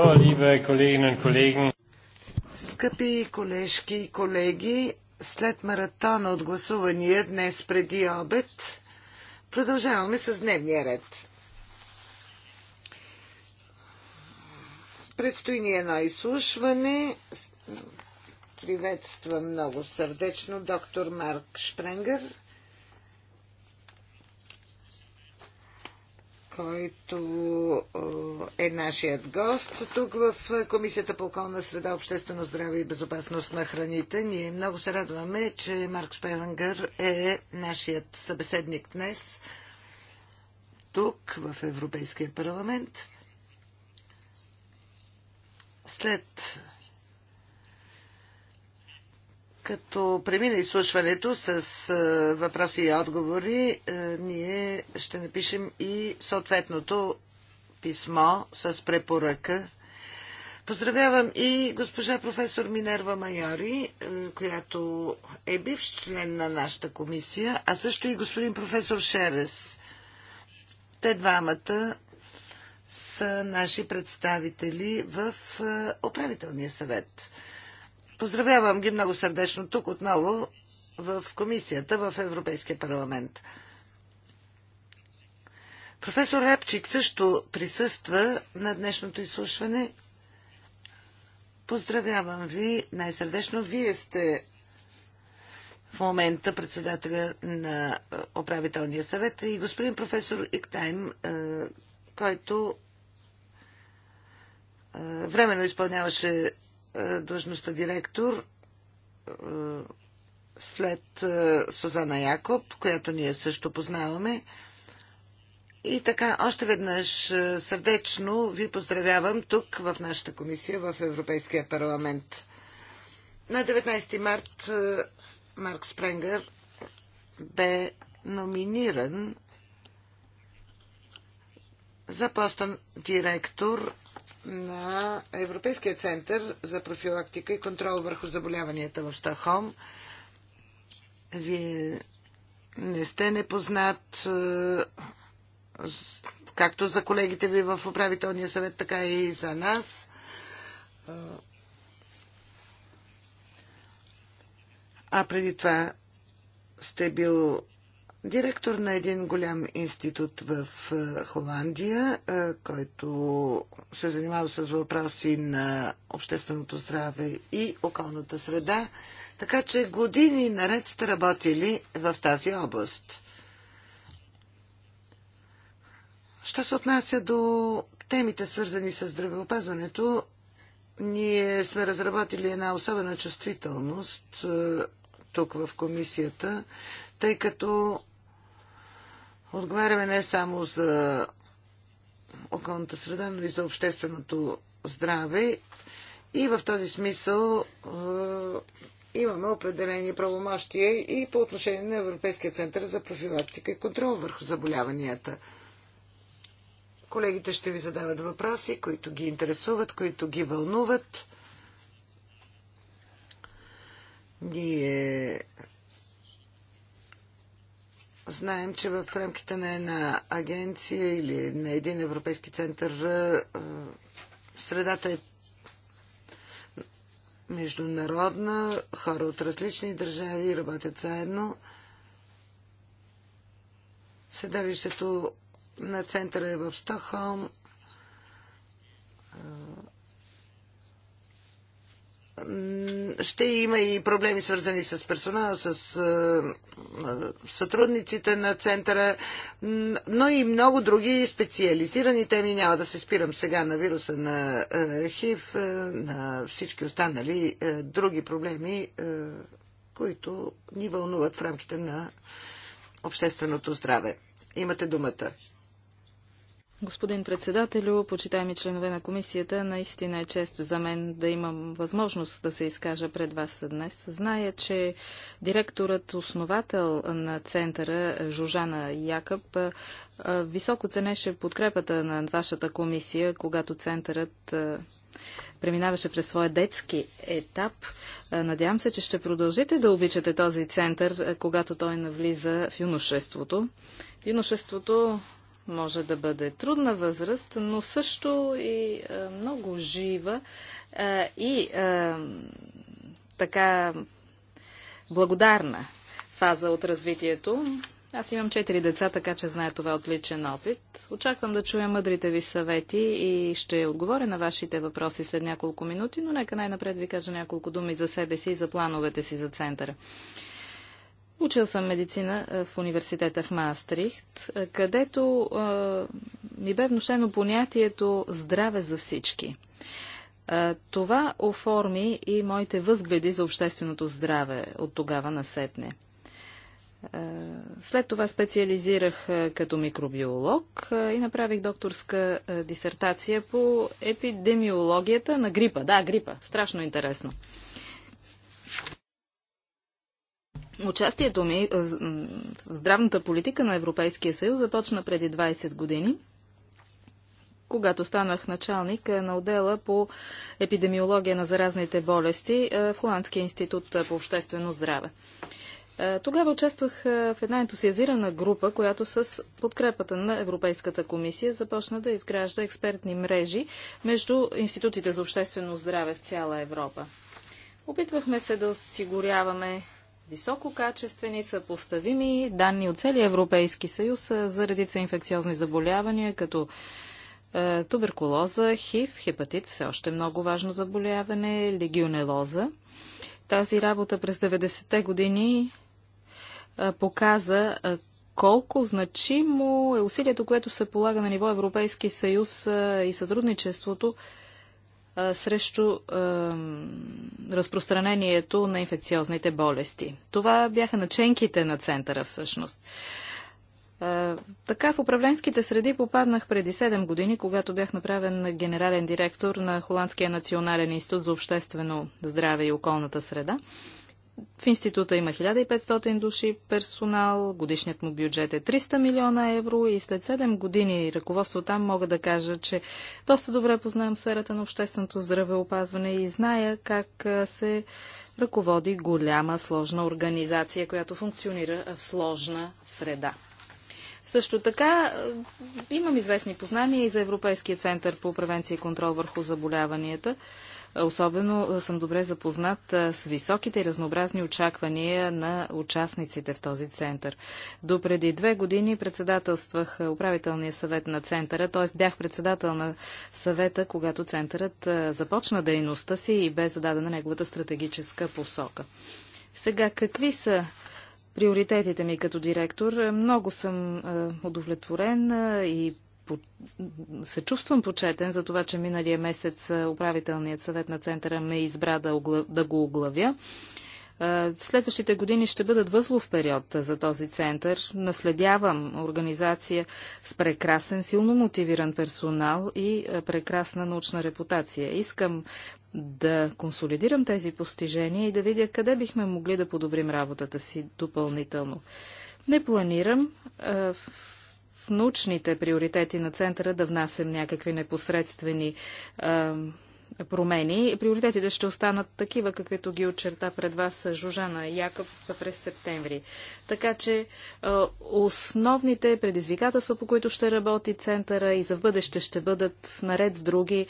liebe Kolleginnen und Kollegen. Скъпи колежки и колеги, след маратона от гласувания днес преди обед, продължаваме с дневния ред. Предстои ни едно изслушване. Приветствам много сърдечно доктор Марк Шпренгър, който е нашият гост тук в Комисията по околна среда, обществено здраве и безопасност на храните. Ние много се радваме, че Марк Шпенгър е нашият събеседник днес тук в Европейския парламент. След като премина изслушването с въпроси и отговори, ние ще напишем и съответното писмо с препоръка. Поздравявам и госпожа професор Минерва Майори, която е бивш член на нашата комисия, а също и господин професор Шерес. Те двамата са наши представители в управителния съвет Поздравявам ги много сърдечно тук отново в комисията в Европейския парламент. Професор Репчик също присъства на днешното изслушване. Поздравявам ви най-сърдечно. Вие сте в момента председателя на е, управителния съвет и господин професор Иктайм, е, който е, временно изпълняваше е, длъжността директор е, след е, Сузана Якоб, която ние също познаваме. И така, още веднъж сърдечно ви поздравявам тук в нашата комисия в Европейския парламент. На 19 март Марк Спренгър бе номиниран за поста директор на Европейския център за профилактика и контрол върху заболяванията в Штахом. Вие не сте непознат е, както за колегите ви в управителния съвет, така и за нас. Е, а преди това сте бил директор на един голям институт в е, Холандия, е, който се занимава с въпроси на общественото здраве и околната среда. Така че години наред сте работили в тази област. Що се отнася до темите, свързани с здравеопазването, ние сме разработили една особена чувствителност е, тук в комисията, тъй като Отговаряме не само за околната среда, но и за общественото здраве. И в този смисъл е, имаме определени правомощия и по отношение на Европейския център за профилактика и контрол върху заболяванията. Колегите ще ви задават въпроси, които ги интересуват, които ги вълнуват. Ние Знаем, че в рамките на една агенция или на един европейски център средата е международна, хора от различни държави работят заедно. Седалището на центъра е в Стокхолм. ще има и проблеми свързани с персонала, с сътрудниците на центъра, но и много други специализирани теми. Няма да се спирам сега на вируса на ХИВ, на всички останали други проблеми, които ни вълнуват в рамките на общественото здраве. Имате думата. Господин председателю, почитаеми членове на комисията, наистина е чест за мен да имам възможност да се изкажа пред вас днес. Зная, че директорът, основател на центъра Жужана Якъб, високо ценеше подкрепата на вашата комисия, когато центърът преминаваше през своя детски етап. Надявам се, че ще продължите да обичате този център, когато той навлиза в юношеството. Юношеството може да бъде трудна възраст, но също и е, много жива е, и е, така благодарна фаза от развитието. Аз имам четири деца, така че знае това отличен опит. Очаквам да чуя мъдрите ви съвети и ще отговоря на вашите въпроси след няколко минути, но нека най-напред ви кажа няколко думи за себе си и за плановете си за центъра. Учил съм медицина е, в университета в Маастрихт, е, където е, ми бе внушено понятието здраве за всички. Това оформи и моите възгледи за общественото здраве от тогава насетне. След това специализирах като микробиолог и направих докторска дисертация по епидемиологията на грипа. Да, грипа. Страшно интересно. Участието ми е, в здравната политика на Европейския съюз започна преди 20 години, когато станах началник е, на отдела по епидемиология на заразните болести е, в Холандския институт по обществено здраве. Тогава участвах в една ентусиазирана група, която с подкрепата на Европейската комисия започна да изгражда експертни мрежи между институтите за обществено здраве в цяла Европа. Опитвахме се да осигуряваме висококачествени, съпоставими данни от целия Европейски съюз за редица инфекциозни заболявания, като е, туберкулоза, хив, хепатит, все още много важно заболяване, легионелоза. Тази работа през 90-те години е, показа колко значимо е усилието, което се полага на ниво Европейски съюз и сътрудничеството срещу е, разпространението на инфекциозните болести. Това бяха наченките на центъра всъщност. Е, така в управленските среди попаднах преди 7 години, когато бях направен генерален директор на Холандския национален институт за обществено здраве и околната среда. В института има 1500 души персонал, годишният му бюджет е 300 милиона евро и след 7 години ръководство там мога да кажа, че доста добре познавам сферата на общественото здравеопазване и зная как се ръководи голяма сложна организация, която функционира в сложна среда. Също така имам известни познания и за Европейския център по превенция и контрол върху заболяванията. Особено съм добре запознат с високите и разнообразни очаквания на участниците в този център. До преди две години председателствах управителния съвет на центъра, т.е. бях председател на съвета, когато центърът започна дейността си и бе зададена неговата стратегическа посока. Сега, какви са приоритетите ми като директор. Много съм удовлетворен и се чувствам почетен за това, че миналия месец управителният съвет на центъра ме избра да, огла... да го оглавя. Следващите години ще бъдат възлов период за този център. Наследявам организация с прекрасен, силно мотивиран персонал и прекрасна научна репутация. Искам да консолидирам тези постижения и да видя къде бихме могли да подобрим работата си допълнително. Не планирам в научните приоритети на центъра да внасям някакви непосредствени а, промени. Приоритетите ще останат такива, каквито ги очерта пред вас Жужана Якъв през септември. Така че основните предизвикателства, по които ще работи центъра и за в бъдеще ще бъдат наред с други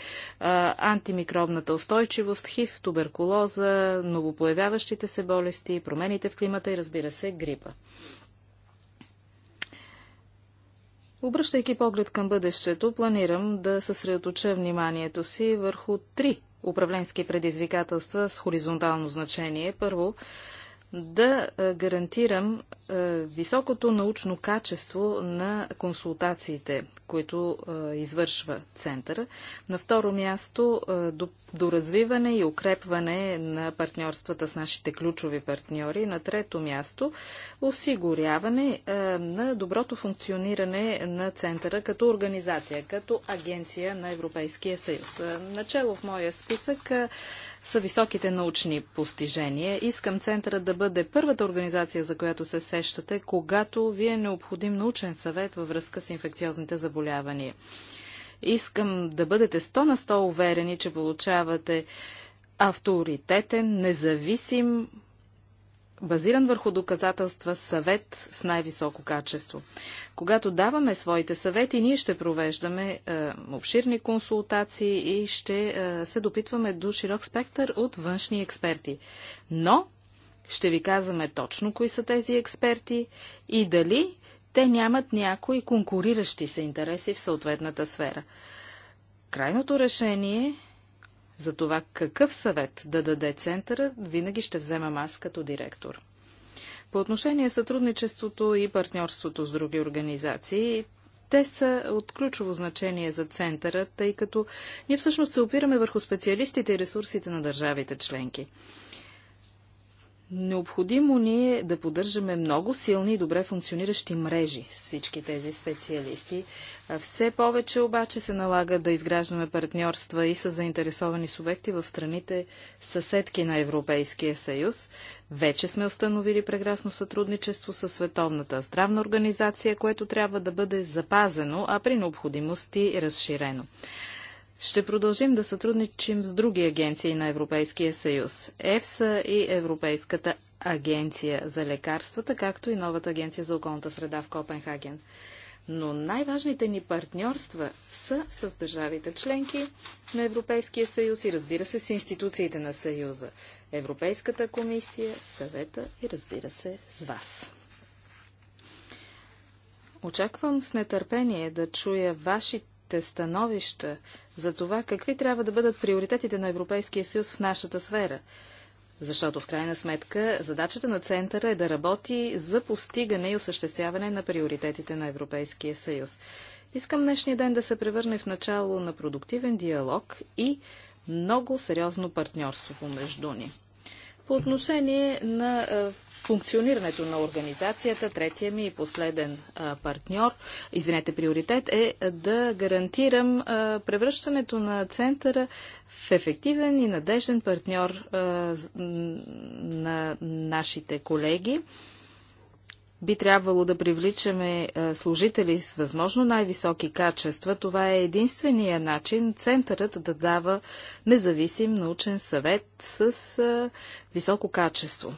антимикробната устойчивост, хив, туберкулоза, новопоявяващите се болести, промените в климата и разбира се грипа. Обръщайки поглед към бъдещето, планирам да съсредоточа вниманието си върху три управленски предизвикателства с хоризонтално значение. Първо, да е, гарантирам е, високото научно качество на консултациите, които е, извършва центъра. На второ място до развиване и укрепване на партньорствата с нашите ключови партньори. На трето място осигуряване на доброто функциониране на центъра като организация, като агенция на Европейския съюз. Начало в моя списък са високите научни постижения. Искам центъра да бъде първата организация, за която се сещате, когато ви е необходим научен съвет във връзка с инфекциозните заболявания. Искам да бъдете 100 на 100 уверени, че получавате авторитетен, независим базиран върху доказателства съвет с най-високо качество. Когато даваме своите съвети, ние ще провеждаме е, обширни консултации и ще е, се допитваме до широк спектър от външни експерти. Но ще ви казваме точно кои са тези експерти и дали те нямат някои конкуриращи се интереси в съответната сфера. Крайното решение за това какъв съвет да даде центъра, винаги ще вземам аз като директор. По отношение сътрудничеството и партньорството с други организации, те са от ключово значение за центъра, тъй като ние всъщност се опираме върху специалистите и ресурсите на държавите членки. Необходимо ни е да поддържаме много силни и добре функциониращи мрежи с всички тези специалисти. Все повече обаче се налага да изграждаме партньорства и с заинтересовани субекти в страните съседки на Европейския съюз. Вече сме установили прекрасно сътрудничество с Световната здравна организация, което трябва да бъде запазено, а при необходимост и разширено. Ще продължим да сътрудничим с други агенции на Европейския съюз. ЕФСА и Европейската агенция за лекарствата, както и новата агенция за околната среда в Копенхаген. Но най-важните ни партньорства са с държавите членки на Европейския съюз и разбира се с институциите на съюза. Европейската комисия, съвета и разбира се с вас. Очаквам с нетърпение да чуя вашите своите становища за това какви трябва да бъдат приоритетите на Европейския съюз в нашата сфера. Защото в крайна сметка задачата на центъра е да работи за постигане и осъществяване на приоритетите на Европейския съюз. Искам днешния ден да се превърне в начало на продуктивен диалог и много сериозно партньорство помежду ни. По отношение на функционирането на организацията. Третия ми и последен а, партньор, извинете, приоритет е да гарантирам а, превръщането на центъра в ефективен и надежден партньор а, на нашите колеги. Би трябвало да привличаме служители с възможно най-високи качества. Това е единствения начин центърът да дава независим научен съвет с високо качество.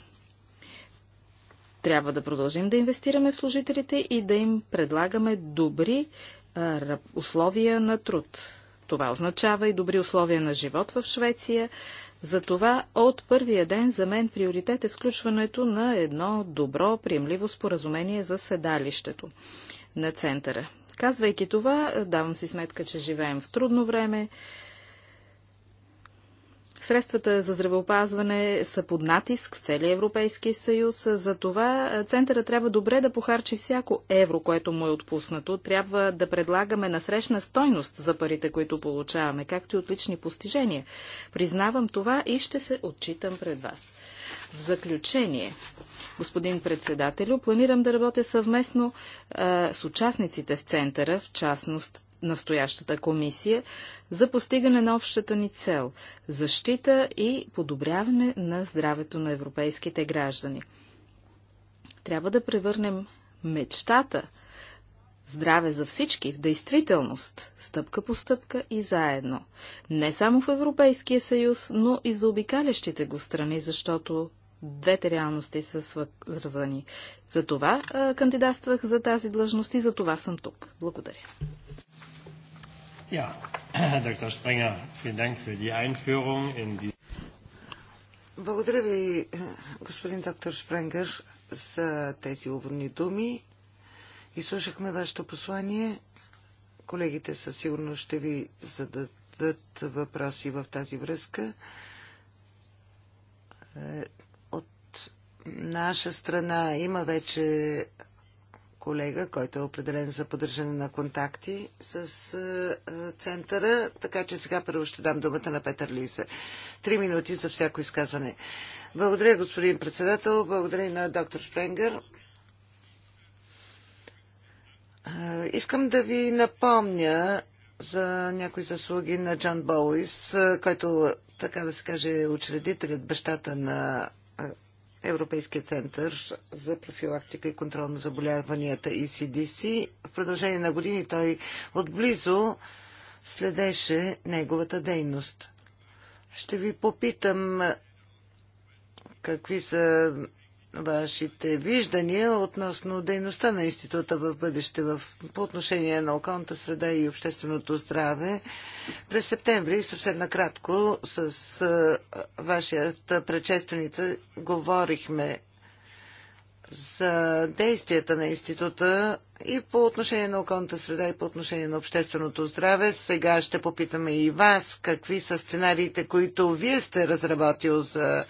Трябва да продължим да инвестираме в служителите и да им предлагаме добри а, условия на труд. Това означава и добри условия на живот в Швеция. Затова от първия ден за мен приоритет е сключването на едно добро, приемливо споразумение за седалището на центъра. Казвайки това, давам си сметка, че живеем в трудно време, Средствата за здравеопазване са под натиск в целия Европейски съюз. За това центъра трябва добре да похарчи всяко евро, което му е отпуснато. Трябва да предлагаме насрещна стойност за парите, които получаваме, както и отлични постижения. Признавам това и ще се отчитам пред вас. В заключение, господин председателю, планирам да работя съвместно а, с участниците в центъра, в частност настоящата комисия за постигане на общата ни цел – защита и подобряване на здравето на европейските граждани. Трябва да превърнем мечтата здраве за всички в действителност, стъпка по стъпка и заедно. Не само в Европейския съюз, но и в заобикалящите го страни, защото двете реалности са свързани. За това кандидатствах за тази длъжност и за това съм тук. Благодаря. Ja, Herr Dr. Sprenger, vielen Dank für die Einführung in die Благодаря ви, господин доктор Шпренгър, за тези уводни думи. Изслушахме вашето послание. Колегите със сигурност ще ви зададат въпроси в тази връзка. Е, от наша страна има вече колега, който е определен за поддържане на контакти с е, е, центъра, така че сега първо ще дам думата на Петър Лиса. Три минути за всяко изказване. Благодаря, господин председател. Благодаря и на доктор Шпренгър. Е, искам да ви напомня за някои заслуги на Джон Боуис, който, така да се каже, е учредителят, бащата на Европейския център за профилактика и контрол на заболяванията ECDC. В продължение на години той отблизо следеше неговата дейност. Ще ви попитам какви са вашите виждания относно дейността на института в бъдеще в, по отношение на околната среда и общественото здраве. През септември, съвсем накратко, с а, вашата предшественица говорихме за действията на института и по отношение на околната среда и по отношение на общественото здраве. Сега ще попитаме и вас какви са сценариите, които вие сте разработил за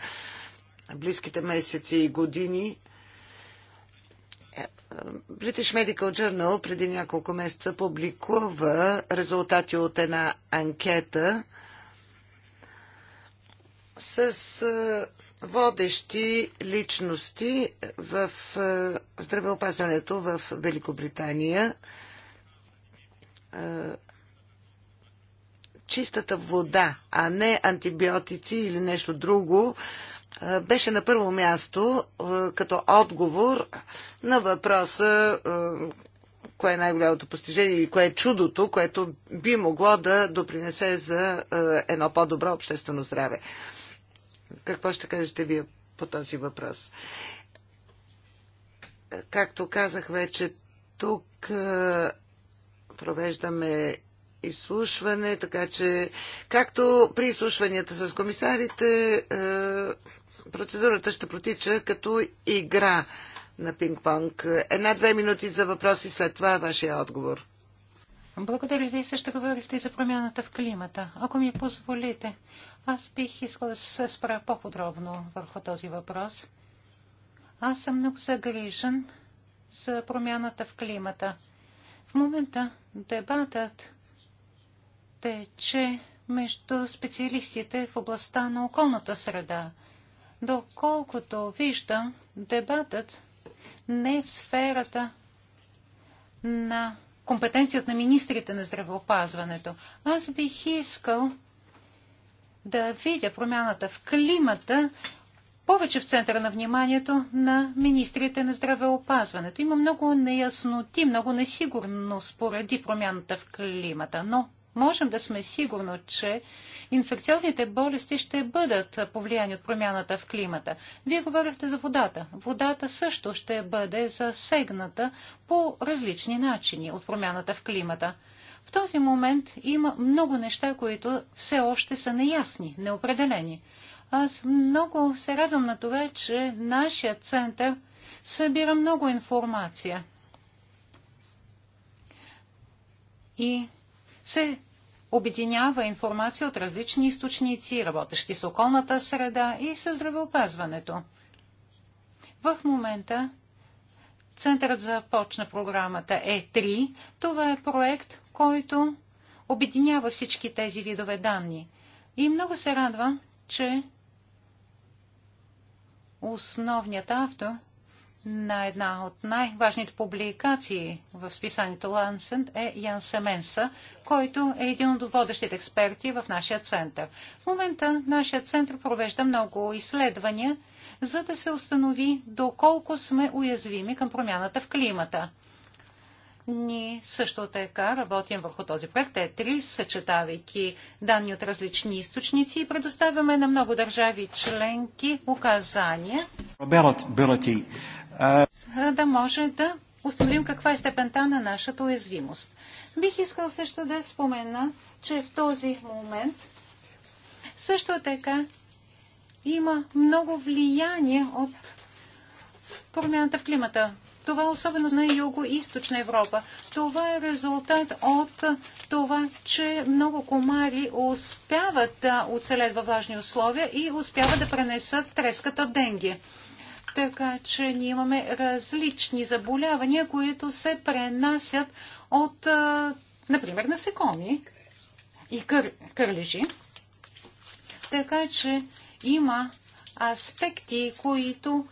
близките месеци и години. British Medical Journal преди няколко месеца публикува резултати от една анкета с водещи личности в здравеопазването в Великобритания. Чистата вода, а не антибиотици или нещо друго, беше на първо място е, като отговор на въпроса е, кое е най-голямото постижение или кое е чудото, което би могло да допринесе за е, едно по-добро обществено здраве. Какво ще кажете вие по този въпрос? Както казах вече, тук провеждаме изслушване, така че както при изслушванията с комисарите процедурата ще протича като игра на пинг-понг. Една-две минути за въпроси, след това вашия отговор. Благодаря ви. Също говорихте за промяната в климата. Ако ми позволите, аз бих искала да се спра по-подробно върху този въпрос. Аз съм много загрижен за промяната в климата. В момента дебатът тече между специалистите в областта на околната среда – Доколкото виждам, дебатът не е в сферата на компетенцията на министрите на здравеопазването. Аз бих искал да видя промяната в климата повече в центъра на вниманието на министрите на здравеопазването. Има много неясноти, много несигурност поради промяната в климата, но можем да сме сигурни, че инфекциозните болести ще бъдат повлияни от промяната в климата. Вие говорихте за водата. Водата също ще бъде засегната по различни начини от промяната в климата. В този момент има много неща, които все още са неясни, неопределени. Аз много се радвам на това, че нашия център събира много информация. И се обединява информация от различни източници, работещи с околната среда и с здравеопазването. В момента Центърът започна програмата Е3. Това е проект, който обединява всички тези видове данни. И много се радвам, че основният автор на една от най-важните публикации в списанието Лансент е Ян Семенса, който е един от водещите експерти в нашия център. В момента нашия център провежда много изследвания, за да се установи доколко сме уязвими към промяната в климата. Ние също така работим върху този проект Е3, съчетавайки данни от различни източници и предоставяме на много държави членки указания за да може да установим каква е степента на нашата уязвимост. Бих искал също да спомена, че в този момент също така има много влияние от промяната в климата. Това е особено на юго-источна Европа. Това е резултат от това, че много комари успяват да оцелят във влажни условия и успяват да пренесат треската денги. Така че ние имаме различни заболявания, които се пренасят от, например, насекоми и кър, кърлежи. Така че има аспекти, които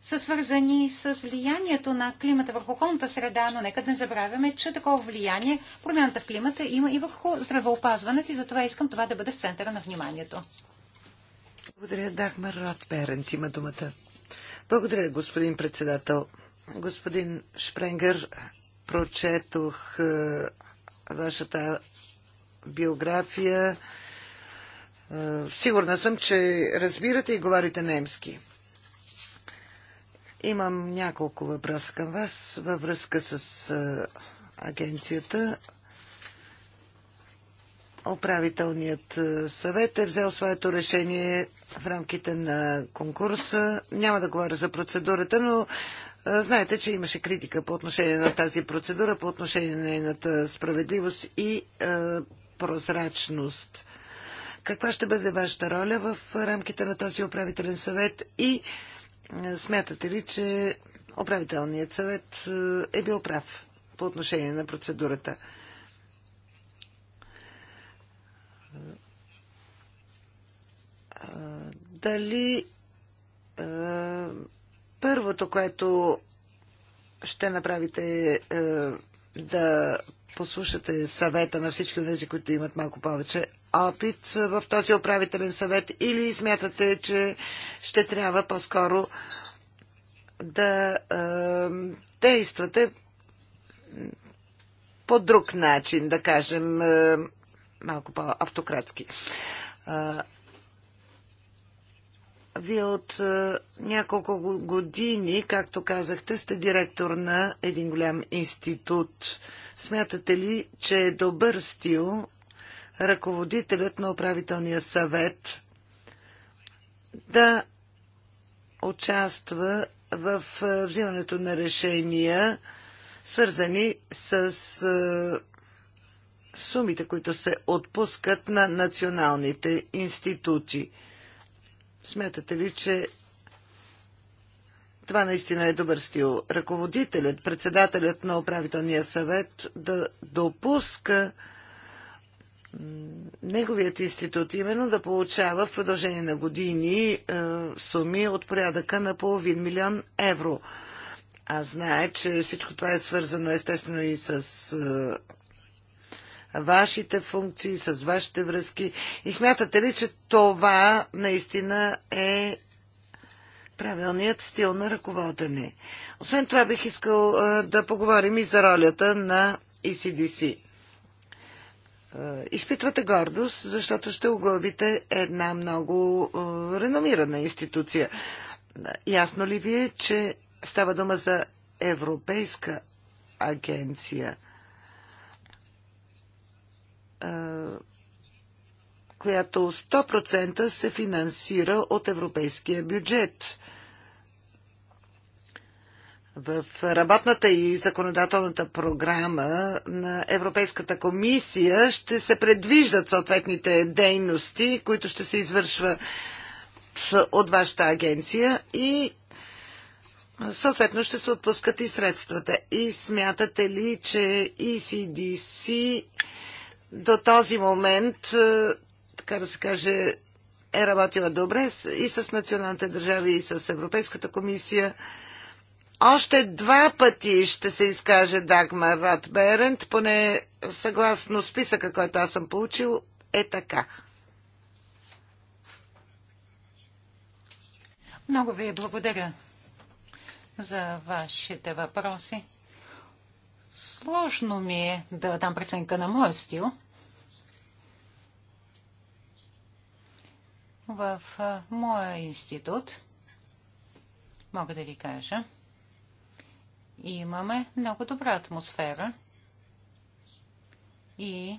са свързани с влиянието на климата върху околната среда, но нека да не забравяме, че такова влияние промяната в климата има и върху здравеопазването и затова искам това да бъде в центъра на вниманието. Благодаря, Дахмар Ротберент има думата. Благодаря, господин председател. Господин Шпренгер, прочетох е, вашата биография. Е, сигурна съм, че разбирате и говорите немски. Имам няколко въпроса към вас във връзка с е, агенцията. Управителният е, съвет е взел своето решение в рамките на конкурса. Няма да говоря за процедурата, но е, знаете, че имаше критика по отношение на тази процедура, по отношение на нейната справедливост и е, прозрачност. Каква ще бъде вашата роля в рамките на този управителен съвет и е, смятате ли, че управителният съвет е, е бил прав по отношение на процедурата? дали е, първото, което ще направите е да послушате съвета на всички тези, които имат малко повече опит в този управителен съвет или смятате, че ще трябва по-скоро да а, е, действате по друг начин, да кажем е, малко по-автократски. Вие от е, няколко години, както казахте, сте директор на един голям институт. Смятате ли, че е добър стил ръководителят на управителния съвет да участва в е, взимането на решения, свързани с е, сумите, които се отпускат на националните институти? Смятате ли, че това наистина е добър стил? Ръководителят, председателят на управителния съвет да допуска неговият институт именно да получава в продължение на години е, суми от порядъка на половин милион евро. А знае, че всичко това е свързано естествено и с е, вашите функции, с вашите връзки. И смятате ли, че това наистина е правилният стил на ръководене? Освен това бих искал да поговорим и за ролята на ECDC. Изпитвате гордост, защото ще оглавите една много реномирана институция. Ясно ли ви е, че става дума за Европейска агенция – която 100% се финансира от европейския бюджет. В работната и законодателната програма на Европейската комисия ще се предвиждат съответните дейности, които ще се извършва от вашата агенция и съответно ще се отпускат и средствата. И смятате ли, че ECDC до този момент, е, така да се каже, е работила добре и с националните държави, и с Европейската комисия. Още два пъти ще се изкаже Дагмар Рад Берент, поне съгласно списъка, който аз съм получил, е така. Много ви благодаря за вашите въпроси. Сложно ми е да дам преценка на моя стил – В моя институт, мога да ви кажа, имаме много добра атмосфера и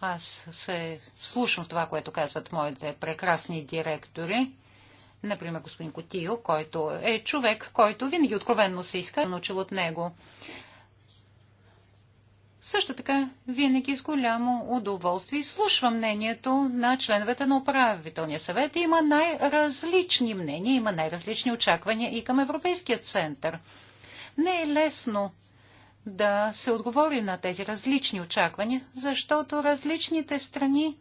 аз се слушам в това, което казват моите прекрасни директори. Например, господин Котио, който е човек, който винаги откровенно се иска, научил от него. Също така, винаги с голямо удоволствие слушам мнението на членовете на управителния съвет. Има най-различни мнения, има най-различни очаквания и към Европейския център. Не е лесно да се отговори на тези различни очаквания, защото различните страни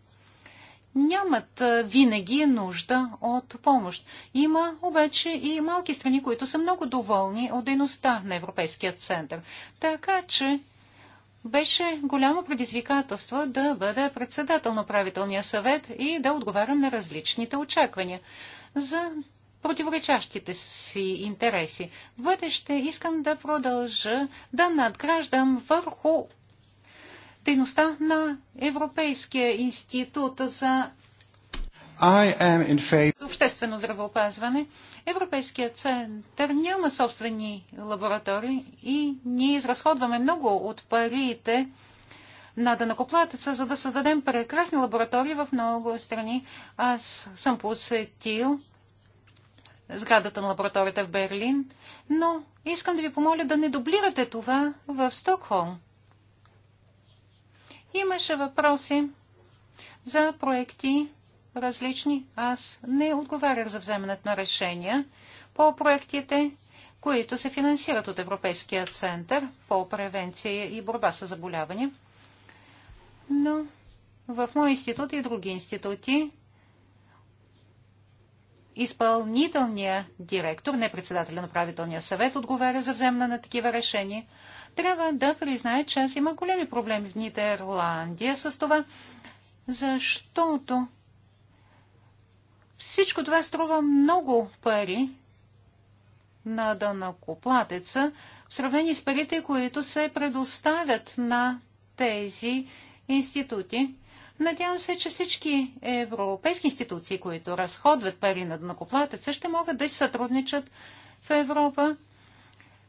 нямат винаги нужда от помощ. Има обаче и малки страни, които са много доволни от дейността на Европейския център. Така че беше голямо предизвикателство да бъда председател на правителния съвет и да отговарям на различните очаквания за противоречащите си интереси. В бъдеще искам да продължа да надграждам върху дейността на Европейския институт за Обществено здравеопазване. Европейският център няма собствени лаборатории и ние изразходваме много от парите на данакоплатеца, за да създадем прекрасни лаборатории в много страни. Аз съм посетил сградата на лабораторията в Берлин, но искам да ви помоля да не дублирате това в Стокхолм. Имаше въпроси за проекти различни. Аз не отговарях за вземането на решения по проектите, които се финансират от Европейския център по превенция и борба с заболявания. Но в моя институт и други институти изпълнителният директор, не председателя на правителния съвет, отговаря за вземане на такива решения. Трябва да признае, че аз има големи проблеми в Нидерландия с това, защото всичко това струва много пари на данакоплатеца в сравнение с парите, които се предоставят на тези институти. Надявам се, че всички европейски институции, които разходват пари на данакоплатеца, ще могат да си сътрудничат в Европа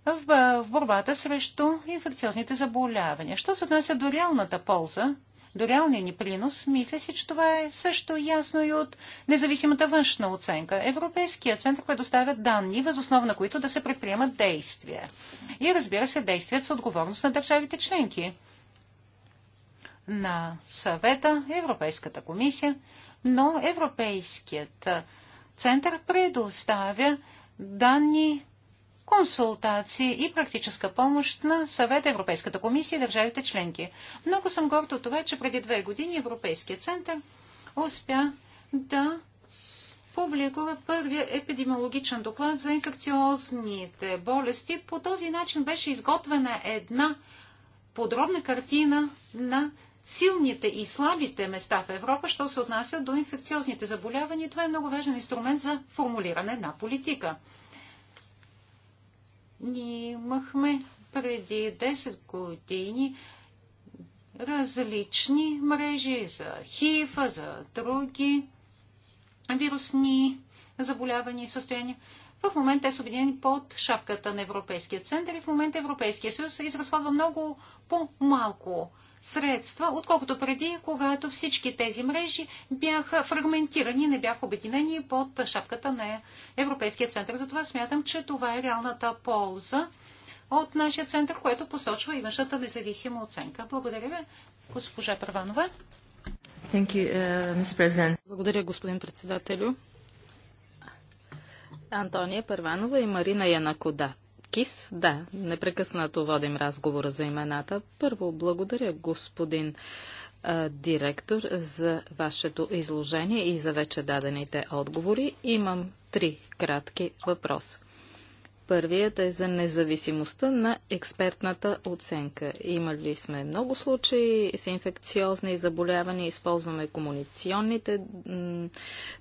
в борбата срещу инфекциозните заболявания. Що се отнася до реалната полза, до реалния ни принос, мисля си, че това е също ясно и от независимата външна оценка. Европейският център предоставя данни, възоснова на които да се предприемат действия. И разбира се, действият с отговорност на държавите членки. На съвета, Европейската комисия, но Европейският център предоставя данни консултации и практическа помощ на съвета Европейската комисия и държавите членки. Много съм горд от това, че преди две години Европейския център успя да публикува първия епидемиологичен доклад за инфекциозните болести. По този начин беше изготвена една подробна картина на силните и слабите места в Европа, що се отнася до инфекциозните заболявания. Това е много важен инструмент за формулиране на политика. Ние имахме преди 10 години различни мрежи за хифа, за други вирусни заболявания и състояния. В момента те са обединени под шапката на Европейския център и в момента Европейския съюз изразходва много по-малко средства, отколкото преди, когато всички тези мрежи бяха фрагментирани, не бяха обединени под шапката на Европейския център. Затова смятам, че това е реалната полза от нашия център, което посочва и външната независима оценка. Благодаря ви, госпожа Първанова. Uh, Благодаря, господин председателю. Антония Първанова и Марина Янакодат Кис. Да, непрекъснато водим разговора за имената. Първо, благодаря господин а, директор за вашето изложение и за вече дадените отговори. Имам три кратки въпроса. Първият е за независимостта на експертната оценка. Имали сме много случаи с инфекциозни заболявания, използваме комуникационните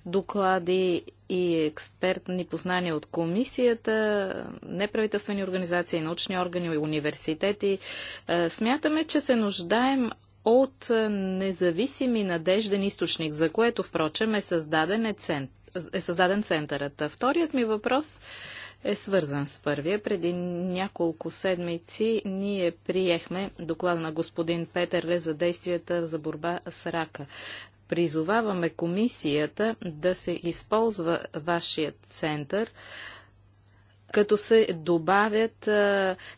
доклади и експертни познания от комисията, неправителствени организации, научни органи, университети. Е, смятаме, че се нуждаем от е, независим и надежден източник, за което, впрочем, е създаден, е цент... е създаден центърът. Вторият ми въпрос е свързан с първия. Преди няколко седмици ние приехме доклада на господин Петерле за действията за борба с рака призоваваме комисията да се използва вашия център, като се добавят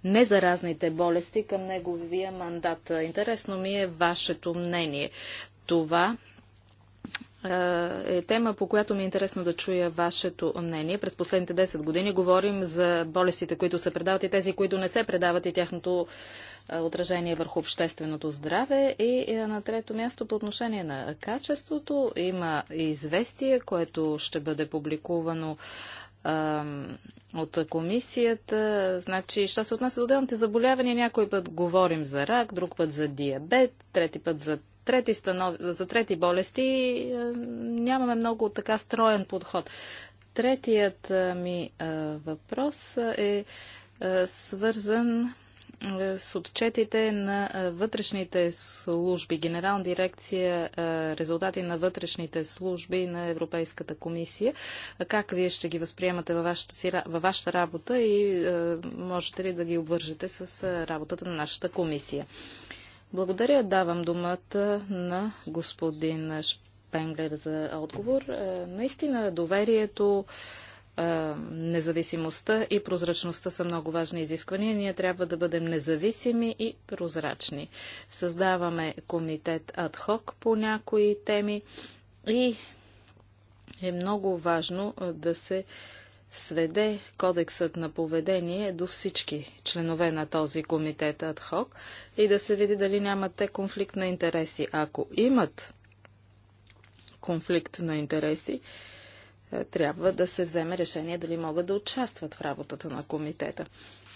незаразните болести към неговия мандат. Интересно ми е вашето мнение. Това е, е тема, по която ми е интересно да чуя вашето мнение. През последните 10 години говорим за болестите, които се предават и тези, които не се предават и тяхното е, отражение върху общественото здраве. И е, на трето място по отношение на качеството има известие, което ще бъде публикувано от комисията. Значи, що се отнася до отделните заболявания, някой път говорим за рак, друг път за диабет, трети път за трети, станов... за трети болести е, нямаме много така строен подход. Третият е, ми е, въпрос е свързан с отчетите на вътрешните служби, Генерална дирекция резултати на вътрешните служби на Европейската комисия. Как вие ще ги възприемате във вашата, си, във вашата работа и можете ли да ги обвържете с работата на нашата комисия? Благодаря. Давам думата на господин Шпенглер за отговор. Е, наистина доверието е, независимостта и прозрачността са много важни изисквания. Ние трябва да бъдем независими и прозрачни. Създаваме комитет адхок по някои теми и е много важно е, да се сведе кодексът на поведение до всички членове на този комитет адхок и да се види дали нямат те конфликт на интереси. Ако имат конфликт на интереси, е, трябва да се вземе решение дали могат да участват в работата на комитета.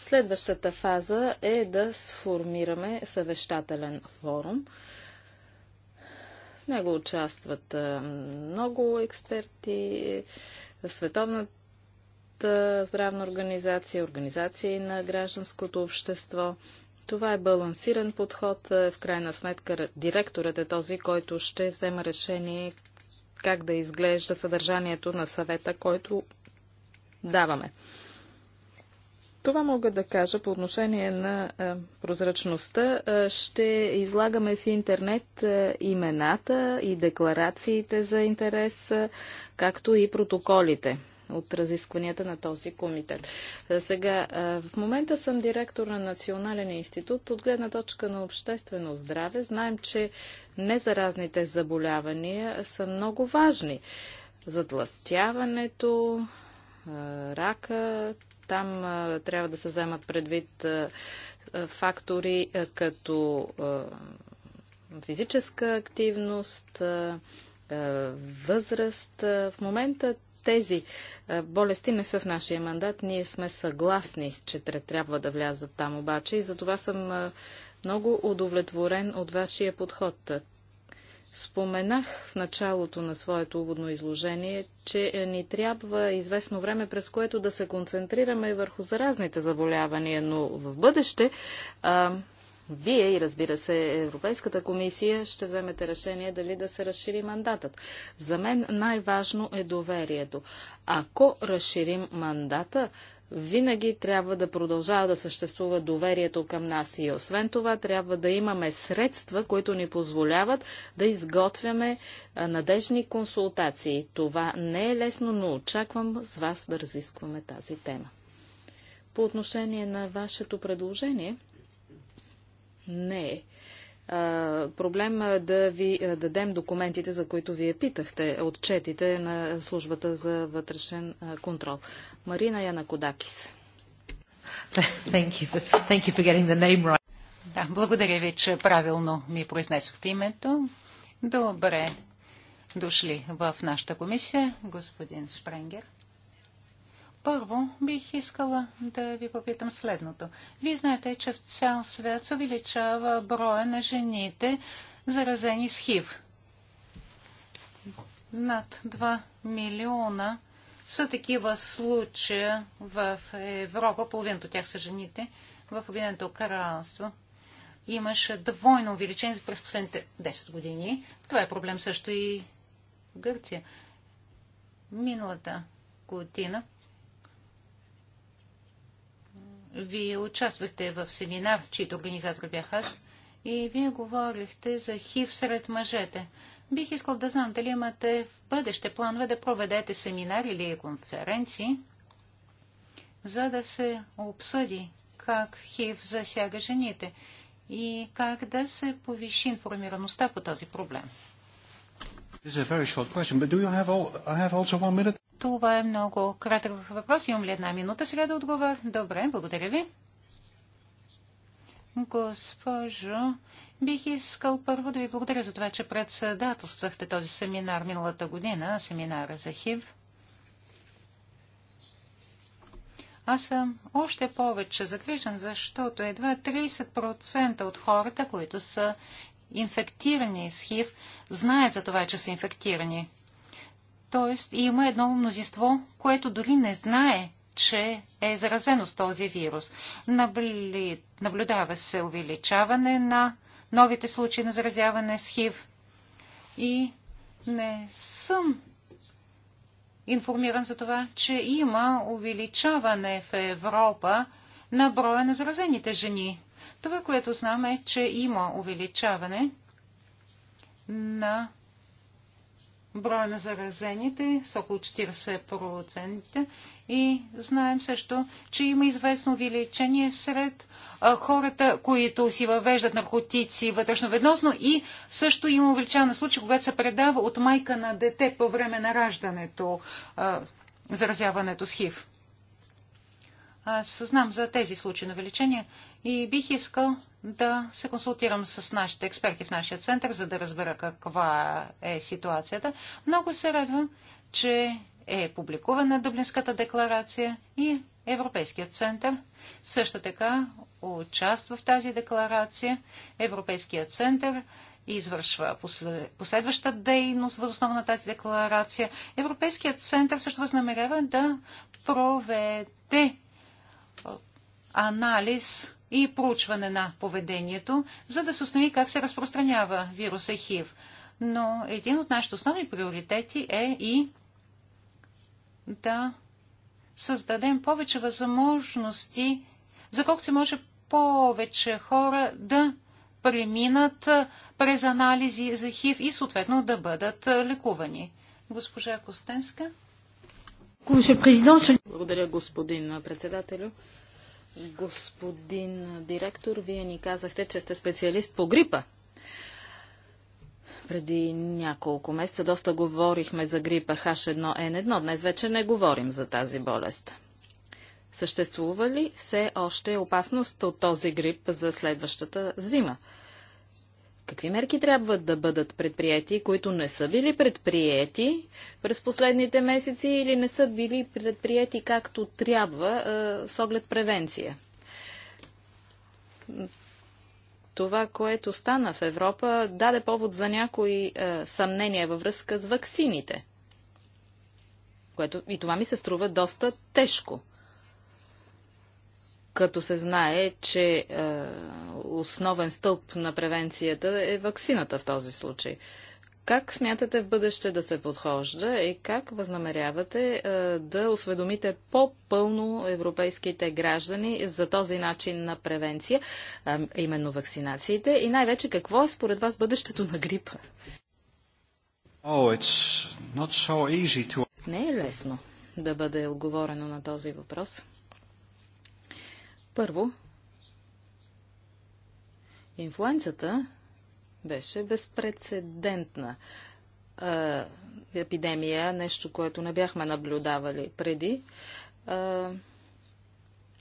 Следващата фаза е да сформираме съвещателен форум. В него участват е, много експерти, е, Световната Световната здравна организация, организации на гражданското общество. Това е балансиран подход. Е, в крайна сметка директорът е този, който ще взема решение как да изглежда съдържанието на съвета, който даваме. Това мога да кажа по отношение на а, е, прозрачността. А, е, ще излагаме в интернет а, имената и декларациите за интерес, както и протоколите от разискванията на този комитет. Е, сега, е, в момента съм директор на Национален институт. От гледна точка на обществено здраве, знаем, че незаразните заболявания са много важни. Затластяването, е, рака, там трябва да се вземат предвид фактори като физическа активност, възраст. В момента тези болести не са в нашия мандат. Ние сме съгласни, че трябва да влязат там обаче и затова съм много удовлетворен от вашия подход. Споменах в началото на своето уводно изложение, че е, ни трябва известно време, през което да се концентрираме върху заразните заболявания, но в бъдеще а, вие и разбира се Европейската комисия ще вземете решение дали да се разшири мандатът. За мен най-важно е доверието. Ако разширим мандата, винаги трябва да продължава да съществува доверието към нас и освен това трябва да имаме средства, които ни позволяват да изготвяме надежни консултации. Това не е лесно, но очаквам с вас да разискваме тази тема. По отношение на вашето предложение – не е проблем да ви дадем документите, за които вие питахте, отчетите на службата за вътрешен контрол. Марина Янакодакис. Right. Да, благодаря ви, че правилно ми произнесохте името. Добре дошли в нашата комисия, господин Шпренгер. Първо, бих искала да ви попитам следното. Вие знаете, че в цял свят се увеличава броя на жените, заразени с ХИВ. Над 2 милиона са такива случая в Европа, половината от тях са жените, в Обединеното кралство. Имаше двойно увеличение през последните 10 години. Това е проблем също и в Гърция. Миналата година вие участвахте в семинар, чийто организатор бях аз, и вие говорихте за хив сред мъжете. Бих искал да знам дали имате в бъдеще планове да проведете семинари или конференции, за да се обсъди как хив засяга жените и как да се повиши информираността по този проблем. Question, all, това е много кратък въпрос. Имам ли една минута сега да отговоря? Добре, благодаря ви. Госпожо, бих искал първо да ви благодаря за това, че председателствахте този семинар миналата година, семинара за ХИВ. Аз съм още повече загрижен, защото едва 30% от хората, които са инфектирани с ХИВ, знаят за това, че са инфектирани. Тоест има едно множество, което дори не знае, че е заразено с този вирус. Набли... Наблюдава се увеличаване на новите случаи на заразяване с ХИВ. И не съм информиран за това, че има увеличаване в Европа на броя на заразените жени. Това, което знаме, е, че има увеличаване на броя на заразените с около 40% и знаем също, че има известно увеличение сред а, хората, които си въвеждат наркотици вътрешно ведносно и също има увеличаване на случаи, когато се предава от майка на дете по време на раждането а, заразяването с ХИВ. Аз знам за тези случаи на увеличение. И бих искал да се консултирам с нашите експерти в нашия център, за да разбера каква е ситуацията. Много се радвам, че е публикувана Дъблинската декларация и Европейският център също така участва в тази декларация. Европейският център извършва последваща дейност в основа на тази декларация. Европейският център също възнамерява да проведе анализ и проучване на поведението, за да се установи как се разпространява вируса ХИВ. Но един от нашите основни приоритети е и да създадем повече възможности, за колкото се може повече хора да преминат през анализи за ХИВ и съответно да бъдат лекувани. Госпожа Костенска. Благодаря, господин председателю. Господин директор, вие ни казахте, че сте специалист по грипа. Преди няколко месеца доста говорихме за грипа H1N1. Днес вече не говорим за тази болест. Съществува ли все още опасност от този грип за следващата зима? Какви мерки трябва да бъдат предприяти, които не са били предприяти през последните месеци или не са били предприяти както трябва с оглед превенция? Това, което стана в Европа, даде повод за някои съмнения във връзка с ваксините. Което, и това ми се струва доста тежко като се знае, че е, основен стълб на превенцията е ваксината в този случай. Как смятате в бъдеще да се подхожда и как възнамерявате е, да осведомите по-пълно европейските граждани за този начин на превенция, е, именно вакцинациите и най-вече какво е според вас бъдещето на грипа? Oh, so to... Не е лесно да бъде отговорено на този въпрос. Първо, инфлуенцата беше безпредседентна епидемия, нещо, което не бяхме наблюдавали преди.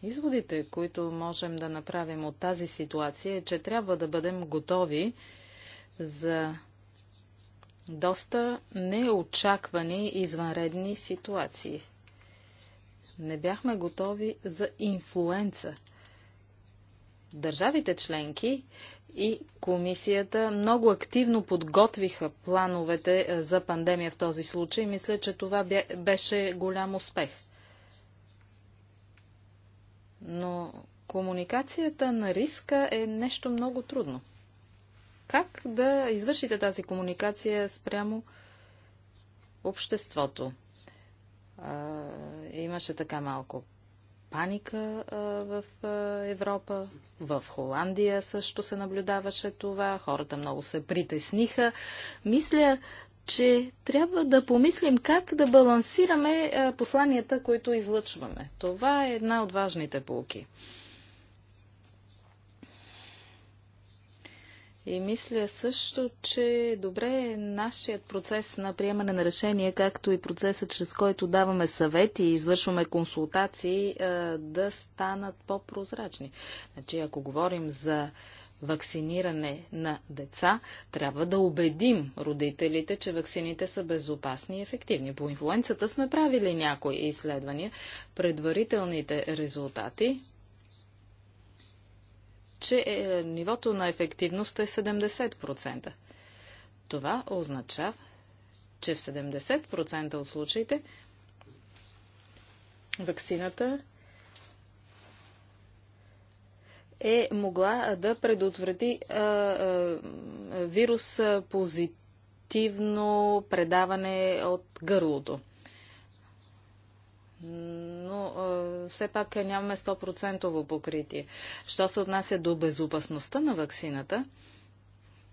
изводите, които можем да направим от тази ситуация, е, че трябва да бъдем готови за доста неочаквани извънредни ситуации не бяхме готови за инфлуенца. Държавите членки и комисията много активно подготвиха плановете е, за пандемия в този случай. Мисля, че това беше голям успех. Но комуникацията на риска е нещо много трудно. Как да извършите тази комуникация спрямо обществото? имаше така малко паника в Европа. В Холандия също се наблюдаваше това. Хората много се притесниха. Мисля, че трябва да помислим как да балансираме посланията, които излъчваме. Това е една от важните полки. И мисля също, че добре е нашият процес на приемане на решение, както и процесът, чрез който даваме съвети и извършваме консултации, е, да станат по-прозрачни. Значи, ако говорим за вакциниране на деца, трябва да убедим родителите, че вакцините са безопасни и ефективни. По инфлуенцията сме правили някои изследвания. Предварителните резултати че е, нивото на ефективност е 70%. Това означава, че в 70% от случаите вакцината е могла да предотврати а, а, вирус позитивно предаване от гърлото но все пак нямаме 100% покритие. Що се отнася до безопасността на ваксината,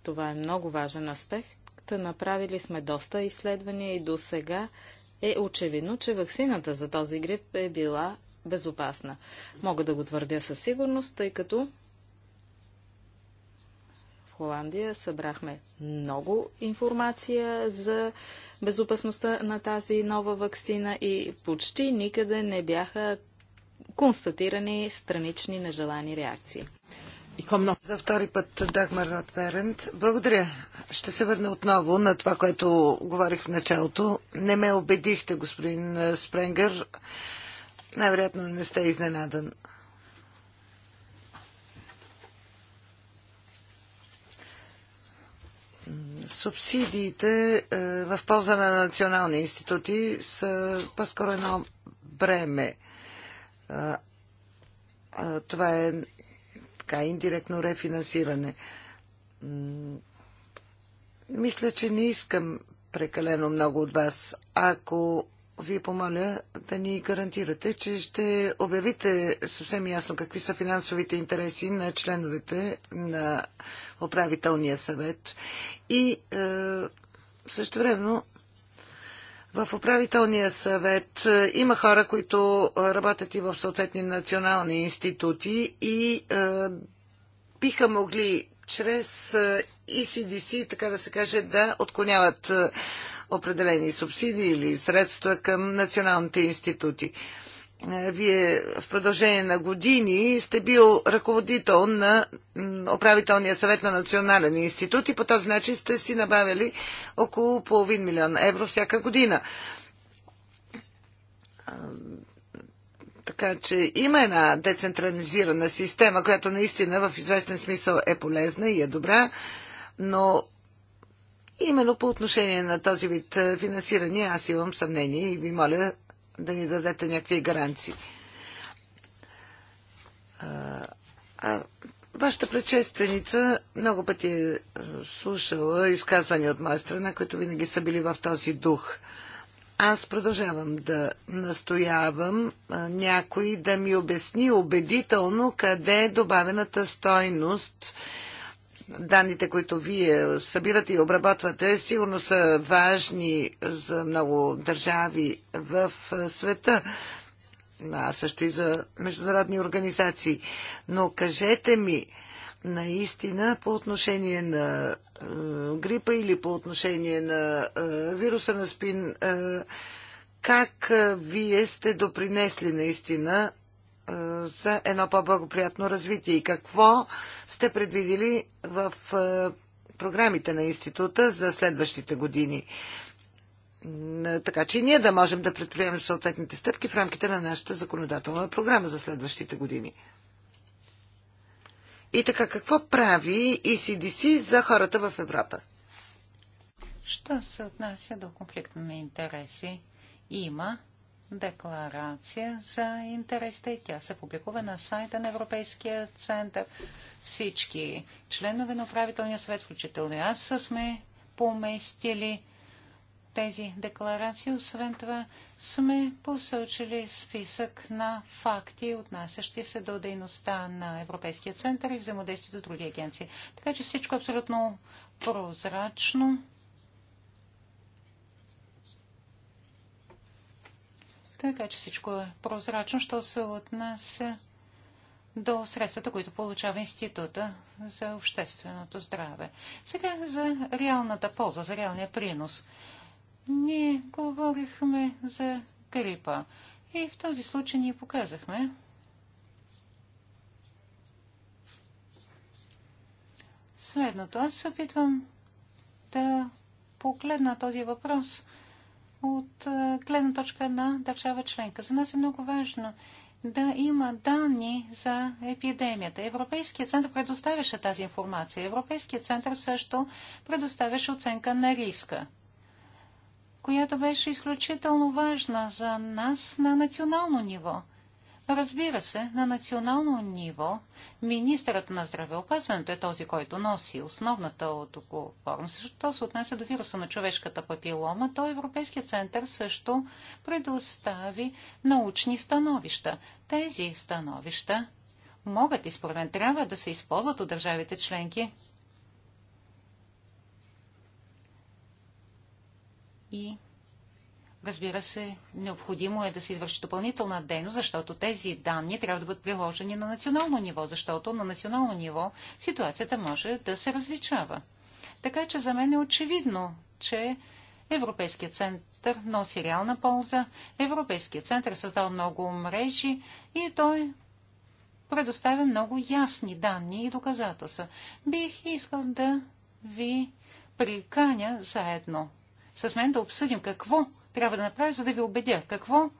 това е много важен аспект. Направили сме доста изследвания и до сега е очевидно, че ваксината за този грип е била безопасна. Мога да го твърдя със сигурност, тъй като Холандия събрахме много информация за безопасността на тази нова вакцина и почти никъде не бяха констатирани странични нежелани реакции. За втори път Дагмар Ротверент. Благодаря. Ще се върна отново на това, което говорих в началото. Не ме убедихте, господин Спренгър. Най-вероятно не сте изненадан. Субсидиите е, в полза на национални институти са по-скоро едно бреме. Е, е, това е така индиректно рефинансиране. Мисля, че не искам прекалено много от вас. Ако ви помоля да ни гарантирате, че ще обявите съвсем ясно какви са финансовите интереси на членовете на управителния съвет и е, също времено в управителния съвет е, има хора, които работят и в съответни национални институти и е, биха могли чрез ECDC, е, така да се каже, да отклоняват е, определени субсидии или средства към националните институти. Вие в продължение на години сте бил ръководител на управителния съвет на Национален институт и по този начин сте си набавили около половин милион евро всяка година. Така че има една децентрализирана система, която наистина в известен смисъл е полезна и е добра, но Именно по отношение на този вид е, финансиране аз имам съмнение и ви моля да ни дадете някакви гаранции. А, вашата предшественица много пъти е слушала изказвания от моя страна, които винаги са били в този дух. Аз продължавам да настоявам някой да ми обясни убедително къде е добавената стойност А, данните, които вие събирате и обработвате, сигурно са важни за много държави в света, а също и за международни организации. Но кажете ми, наистина по отношение на е, грипа или по отношение на е, вируса на спин, е, как вие сте допринесли наистина за едно по-благоприятно развитие и какво сте предвидели в програмите на института за следващите години. Така че и ние да можем да предприемем съответните стъпки в рамките на нашата законодателна програма за следващите години. И така, какво прави ECDC за хората в Европа? Що се отнася до конфликт на интереси, има декларация за интересите. и Тя се публикува на сайта на Европейския център. Всички членове на управителния съвет, включително и аз, сме поместили тези декларации. Освен това, сме посочили списък на факти, отнасящи се до дейността на Европейския център и взаимодействието с други агенции. Така че всичко е абсолютно прозрачно така че всичко е прозрачно, що се отнася до средствата, които получава Института за общественото здраве. Сега за реалната полза, за реалния принос. Ние говорихме за грипа и в този случай ние показахме, следното. Аз се опитвам да погледна този въпрос от е, гледна точка на държава членка. За нас е много важно да има данни за епидемията. Европейският център предоставяше тази информация. Европейският център също предоставяше оценка на риска, която беше изключително важна за нас на национално ниво – Разбира се, на национално ниво министърът на здравеопазването е този, който носи основната отговорност. Що се отнася до вируса на човешката папилома, то Европейският център също предостави научни становища. Тези становища могат и според мен трябва да се използват от държавите членки. И Разбира се, необходимо е да се извърши допълнителна дейност, защото тези данни трябва да бъдат приложени на национално ниво, защото на национално ниво ситуацията може да се различава. Така че за мен е очевидно, че Европейският център носи реална полза. Европейският център е създал много мрежи и той предоставя много ясни данни и доказателства. Бих искал да ви приканя заедно с мен да обсъдим какво трябва да направя, за да ви убедя? Какво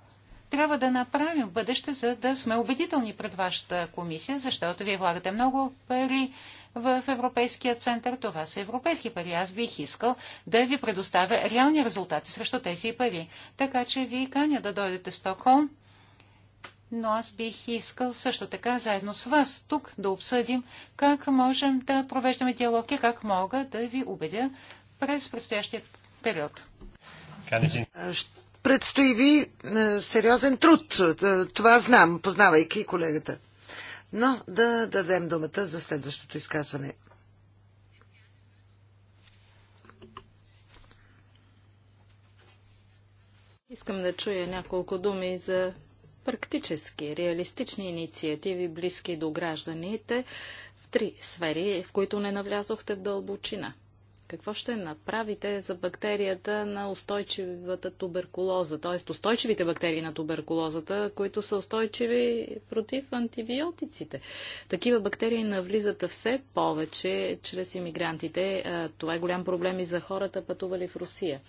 трябва да направим в бъдеще, за да сме убедителни пред вашата комисия, защото вие влагате много пари в Европейския център. Това са европейски пари. Аз бих искал да ви предоставя реални резултати срещу тези пари. Така че ви каня да дойдете в Стокхолм. Но аз бих искал също така заедно с вас тук да обсъдим как можем да провеждаме диалог и как мога да ви убедя през предстоящия период. Предстои ви е, сериозен труд. Е, това знам, познавайки колегата. Но да дадем думата за следващото изказване. Искам да чуя няколко думи за практически, реалистични инициативи, близки до гражданите, в три сфери, в които не навлязохте в дълбочина – какво ще направите за бактерията на устойчивата туберкулоза, т.е. устойчивите бактерии на туберкулозата, които са устойчиви против антибиотиците? Такива бактерии навлизат все повече чрез иммигрантите. Това е голям проблем и за хората, пътували в Русия.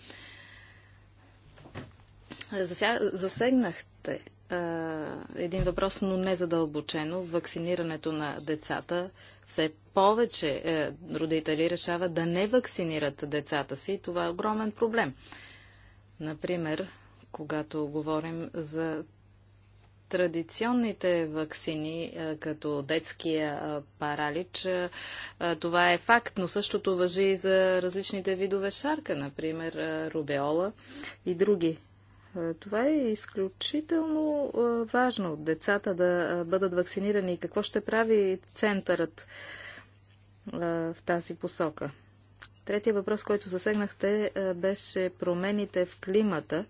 Засегнахте е, един въпрос, но не задълбочено. Вакцинирането на децата. Все повече е, родители решават да не вакцинират децата си. Това е огромен проблем. Например, когато говорим за традиционните вакцини, е, като детския паралич, това е факт, но същото въжи и за различните видове шарка, например рубеола и други е, това е изключително е, важно децата да е, бъдат вакцинирани. Какво ще прави центърът в тази посока? Третия въпрос, който засегнахте, беше промените в климата.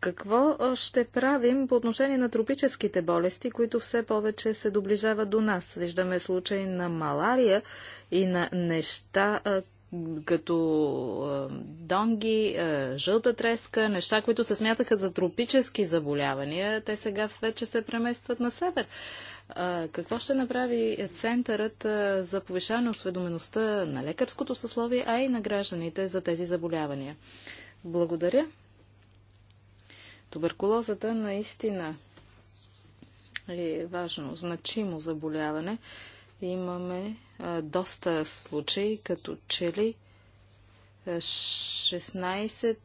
Какво ще правим по отношение на тропическите болести, които все повече се доближават до нас? Виждаме случаи на малария и на неща, като донги, жълта треска, неща, които се смятаха за тропически заболявания, те сега вече се преместват на север. Какво ще направи Центърът за повишаване осведомеността на лекарското съсловие, а и на гражданите за тези заболявания? Благодаря. Туберкулозата наистина е важно, значимо заболяване имаме а, доста случаи, като чели. 16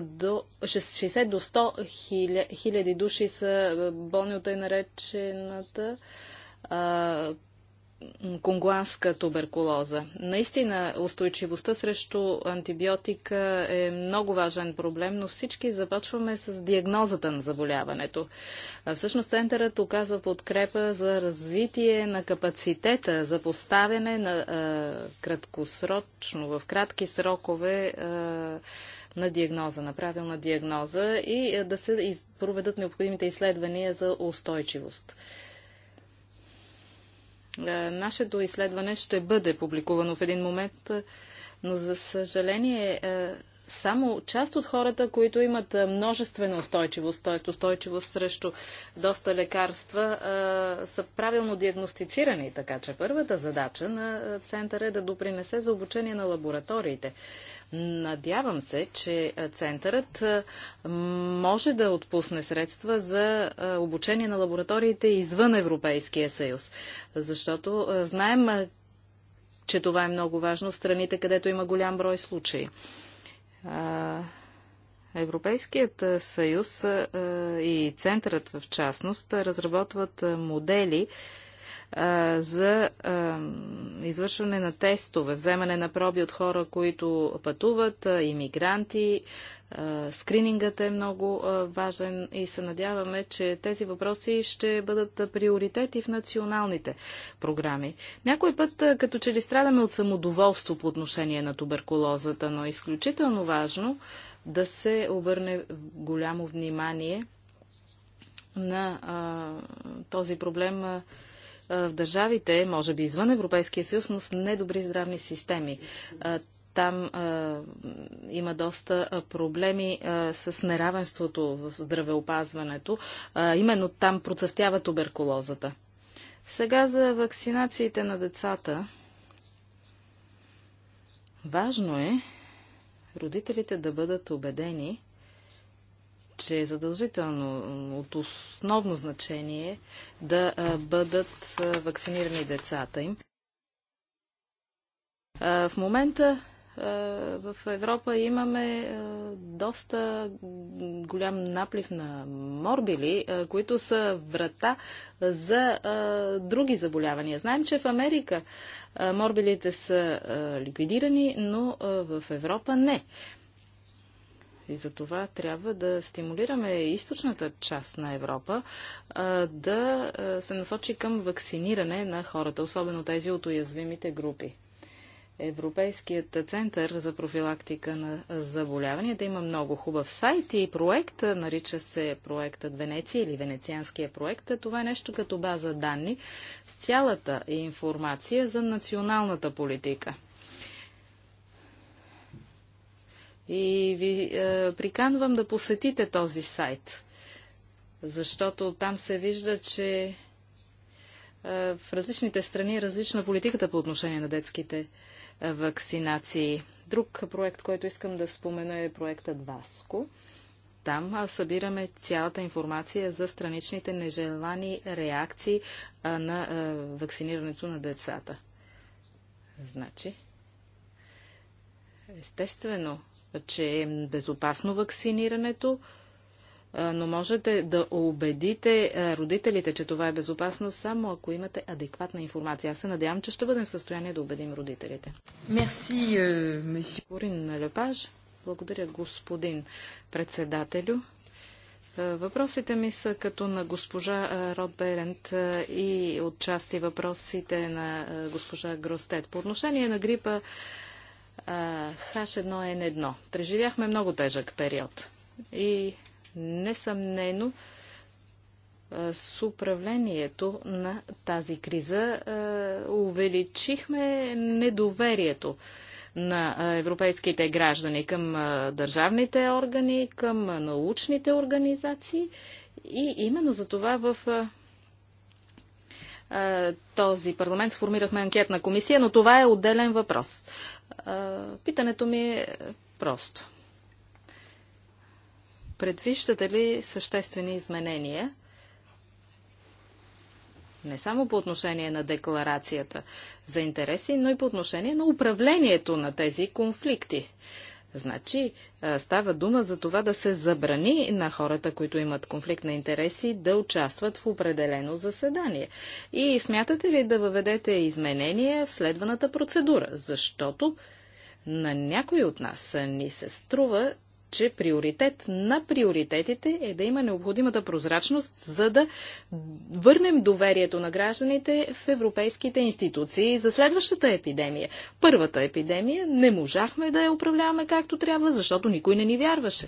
до, 60 до 100 хиляди души са болни от тъй наречената а, конгуанска туберкулоза. Наистина устойчивостта срещу антибиотика е много важен проблем, но всички започваме с диагнозата на заболяването. Всъщност центърът оказва подкрепа за развитие на капацитета за поставяне на а, краткосрочно, в кратки срокове а, на диагноза, на правилна диагноза и да се проведат необходимите изследвания за устойчивост. Е, нашето изследване ще бъде публикувано в един момент, е, но за съжаление е, само част от хората, които имат множествена устойчивост, т.е. устойчивост срещу доста лекарства, са правилно диагностицирани. Така че първата задача на центъра е да допринесе за обучение на лабораториите. Надявам се, че центърът може да отпусне средства за обучение на лабораториите извън Европейския съюз, защото знаем, че това е много важно в страните, където има голям брой случаи. Европейският съюз и центърът в частност разработват модели за извършване на тестове, вземане на проби от хора, които пътуват, иммигранти. Скринингът е много важен и се надяваме, че тези въпроси ще бъдат приоритети в националните програми. Някой път, като че ли страдаме от самодоволство по отношение на туберкулозата, но е изключително важно да се обърне голямо внимание на а, този проблем. А, е, в държавите, може би извън Европейския съюз, но с недобри здравни системи. Е, там е, има доста проблеми с неравенството в здравеопазването. Именно там процъфтява туберкулозата. Сега за вакцинациите на децата. Важно е родителите да бъдат убедени, че е задължително от основно значение да бъдат вакцинирани децата им. В момента в Европа имаме доста голям наплив на морбили, които са врата за други заболявания. Знаем, че в Америка морбилите са ликвидирани, но в Европа не. И за това трябва да стимулираме източната част на Европа а, да се насочи към вакциниране на хората, особено тези от уязвимите групи. Европейският център за профилактика на заболяванията има много хубав сайт и проект, нарича се проектът Венеция или Венецианския проект. Това е нещо като база данни с цялата информация за националната политика – И ви е, приканвам да посетите този сайт, защото там се вижда, че е, в различните страни е различна политиката по отношение на детските е, вакцинации. Друг проект, който искам да спомена е проектът ВАСКО. Там събираме цялата информация за страничните нежелани реакции а, на а, е, вакцинирането на децата. Значи, естествено, че е безопасно вакцинирането, но можете да убедите родителите, че това е безопасно, само ако имате адекватна информация. Аз се надявам, че ще бъдем в състояние да убедим родителите. Мерси, месье. Лепаж. Благодаря, господин председателю. Въпросите ми са като на госпожа Род Берент и отчасти въпросите на госпожа Гростет. По отношение на грипа H1N1. Преживяхме много тежък период и несъмнено с управлението на тази криза увеличихме недоверието на европейските граждани към държавните органи, към научните организации. И именно за това в е, този парламент сформирахме анкетна комисия, но това е отделен въпрос. Е, питането ми е просто. Предвиждате ли съществени изменения? Не само по отношение на декларацията за интереси, но и по отношение на управлението на тези конфликти. Значи става дума за това да се забрани на хората, които имат конфликт на интереси, да участват в определено заседание. И смятате ли да въведете изменения в следваната процедура? Защото на някой от нас ни се струва, че приоритет на приоритетите е да има необходимата прозрачност, за да върнем доверието на гражданите в европейските институции за следващата епидемия. Първата епидемия не можахме да я управляваме както трябва, защото никой не ни вярваше.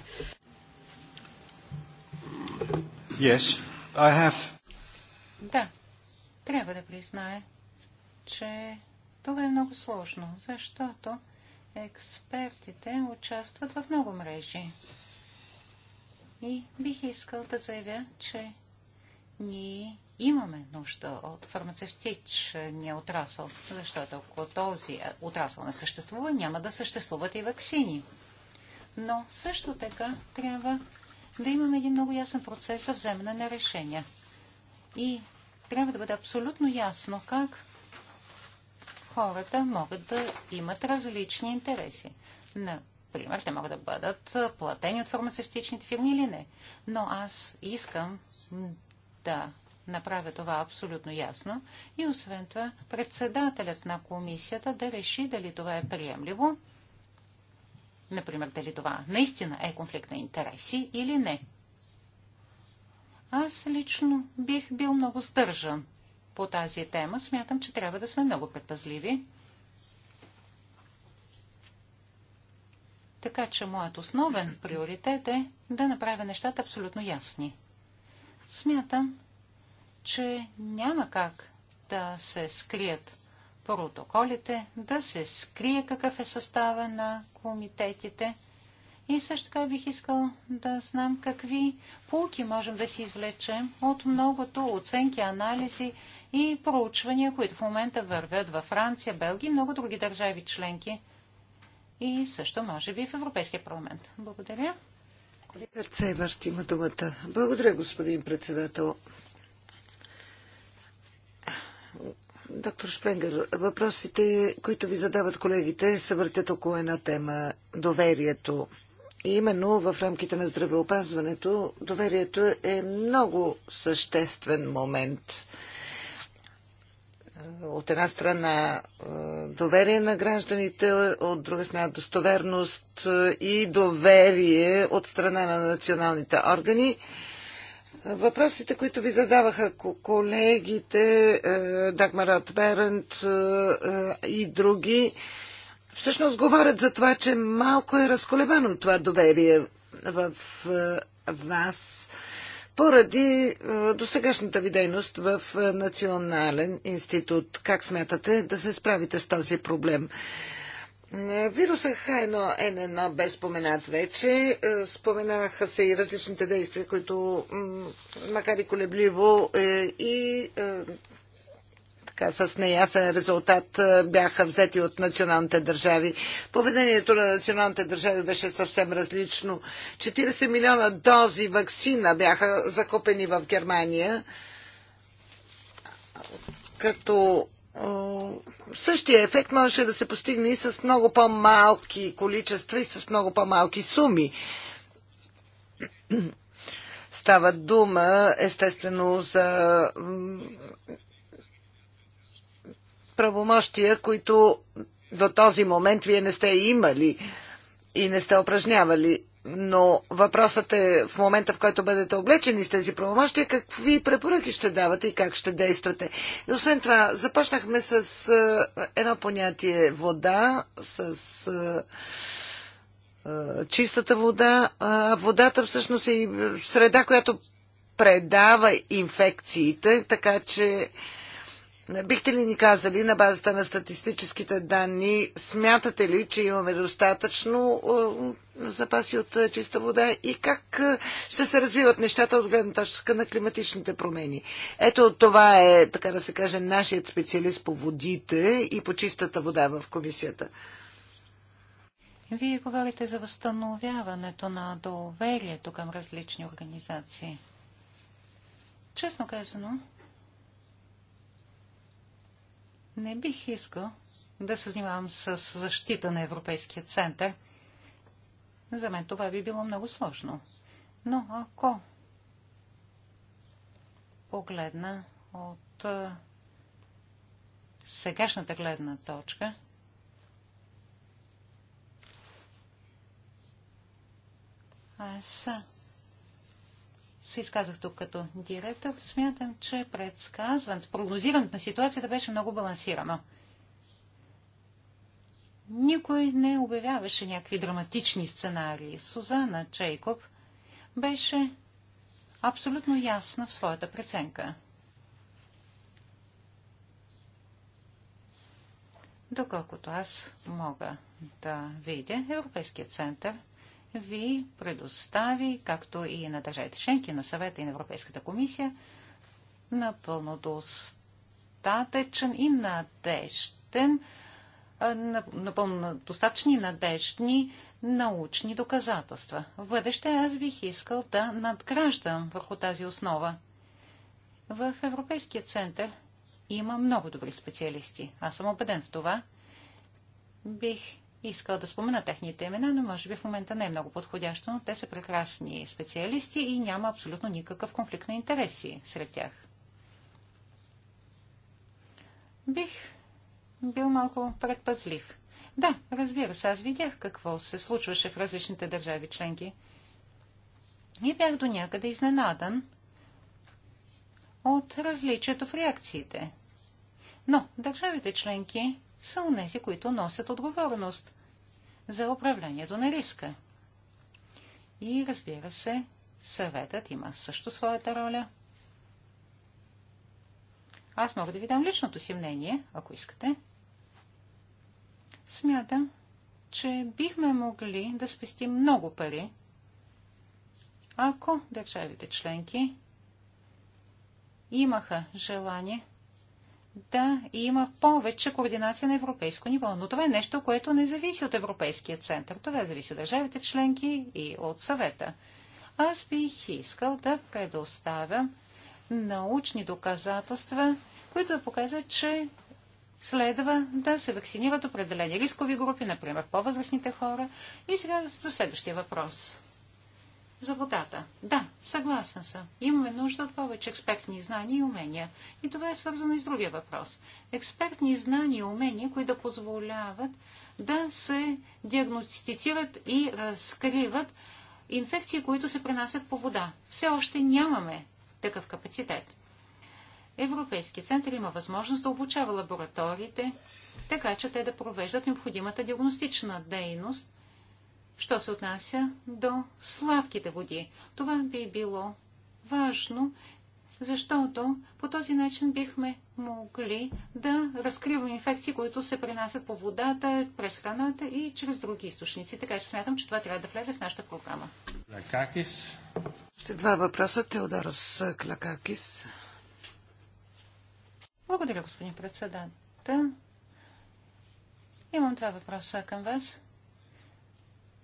Yes, I have... Да, трябва да призная, че това е много сложно, защото експертите участват в много мрежи. И бих искал да заявя, че ние имаме нужда от фармацевтичния отрасъл, защото ако този отрасъл не съществува, няма да съществуват и вакцини. Но също така трябва да имаме един много ясен процес за вземане на решения. И трябва да бъде абсолютно ясно как хората могат да имат различни интереси. Например, те могат да бъдат платени от фармацевтичните фирми или не. Но аз искам да направя това абсолютно ясно и освен това председателят на комисията да реши дали това е приемливо, например, дали това наистина е конфликт на интереси или не. Аз лично бих бил много стържан по тази тема, смятам, че трябва да сме много предпазливи. Така че моят основен приоритет е да направя нещата абсолютно ясни. Смятам, че няма как да се скрият протоколите, да се скрие какъв е състава на комитетите. И също така бих искал да знам какви полки можем да си извлечем от многото оценки, анализи, и проучвания, които в момента вървят във Франция, Белгия и много други държави членки. И също, може би, в Европейския парламент. Благодаря. Колегар Цейбърт има думата. Благодаря, господин председател. Доктор Шпренгер, въпросите, които ви задават колегите, се въртят около една тема – доверието. И именно в рамките на здравеопазването доверието е много съществен момент – от една страна е, доверие на гражданите, от друга страна достоверност е, и доверие от страна на националните органи. Въпросите, които ви задаваха колегите, е, Дагмарат Берент и други, всъщност говорят за това, че малко е разколебано това доверие в вас поради досегашната ви дейност в Национален институт. Как смятате да се справите с този проблем? Вируса H1N1 бе споменат вече. Споменаха се и различните действия, които, макар и колебливо, е, и така, с неясен резултат бяха взети от националните държави. Поведението на националните държави беше съвсем различно. 40 милиона дози вакцина бяха закупени в Германия, като същия ефект можеше да се постигне и с много по-малки количества и с много по-малки суми. Става дума, естествено, за правомощия, които до този момент вие не сте имали и не сте упражнявали. Но въпросът е в момента, в който бъдете облечени с тези правомощия, какви препоръки ще давате и как ще действате. И освен това, започнахме с е, едно понятие вода, с е, е, чистата вода. водата всъщност е и среда, която предава инфекциите, така че Бихте ли ни казали на базата на статистическите данни, смятате ли, че имаме достатъчно е, запаси от е, чиста вода и как е, ще се развиват нещата от гледна точка на климатичните промени? Ето това е, така да се каже, нашият специалист по водите и по чистата вода в комисията. Вие говорите за възстановяването на доверието към различни организации. Честно казано, не бих искал да се занимавам с защита на Европейския център. За мен това би било много сложно. Но ако погледна от сегашната гледна точка, аз се изказах тук като директор, смятам, че предсказването, прогнозирането на ситуацията беше много балансирано. Никой не обявяваше някакви драматични сценарии. Сузана Чейков беше абсолютно ясна в своята преценка. Доколкото аз мога да видя, Европейският център – ви предостави, както и на държавите членки, на съвета и на Европейската комисия, напълно достатъчен и надежден, напълно достатъчни надеждни научни доказателства. В бъдеще аз бих искал да надграждам върху тази основа. В Европейския център има много добри специалисти. Аз съм убеден в това. Бих искал да спомена техните имена, но може би в момента не е много подходящо, но те са прекрасни специалисти и няма абсолютно никакъв конфликт на интереси сред тях. Бих бил малко предпазлив. Да, разбира се, аз видях какво се случваше в различните държави членки. И бях до някъде изненадан от различието в реакциите. Но държавите членки са онези, които носят отговорност за управлението на риска. И разбира се, съветът има също своята роля. Аз мога да ви дам личното си мнение, ако искате. Смятам, че бихме могли да спестим много пари, ако държавите членки имаха желание да има повече координация на европейско ниво. Но това е нещо, което не зависи от Европейския център. Това зависи от държавите членки и от съвета. Аз бих искал да предоставя научни доказателства, които да показват, че следва да се вакцинират определени рискови групи, например по-възрастните хора. И сега за следващия въпрос за водата. Да, съгласен съм. Имаме нужда от повече експертни знания и умения. И това е свързано и с другия въпрос. Експертни знания и умения, които да позволяват да се диагностицират и разкриват инфекции, които се пренасят по вода. Все още нямаме такъв капацитет. Европейски център има възможност да обучава лабораториите, така че те да провеждат необходимата диагностична дейност – Що се отнася до сладките води, това би било важно, защото по този начин бихме могли да разкриваме инфекции, които се пренасят по водата, през храната и чрез други източници. Така че смятам, че това трябва да влезе в нашата програма. Клакакис. Ще два въпроса. Теодорос Клакакис. Благодаря, господин председател. Имам два въпроса към вас.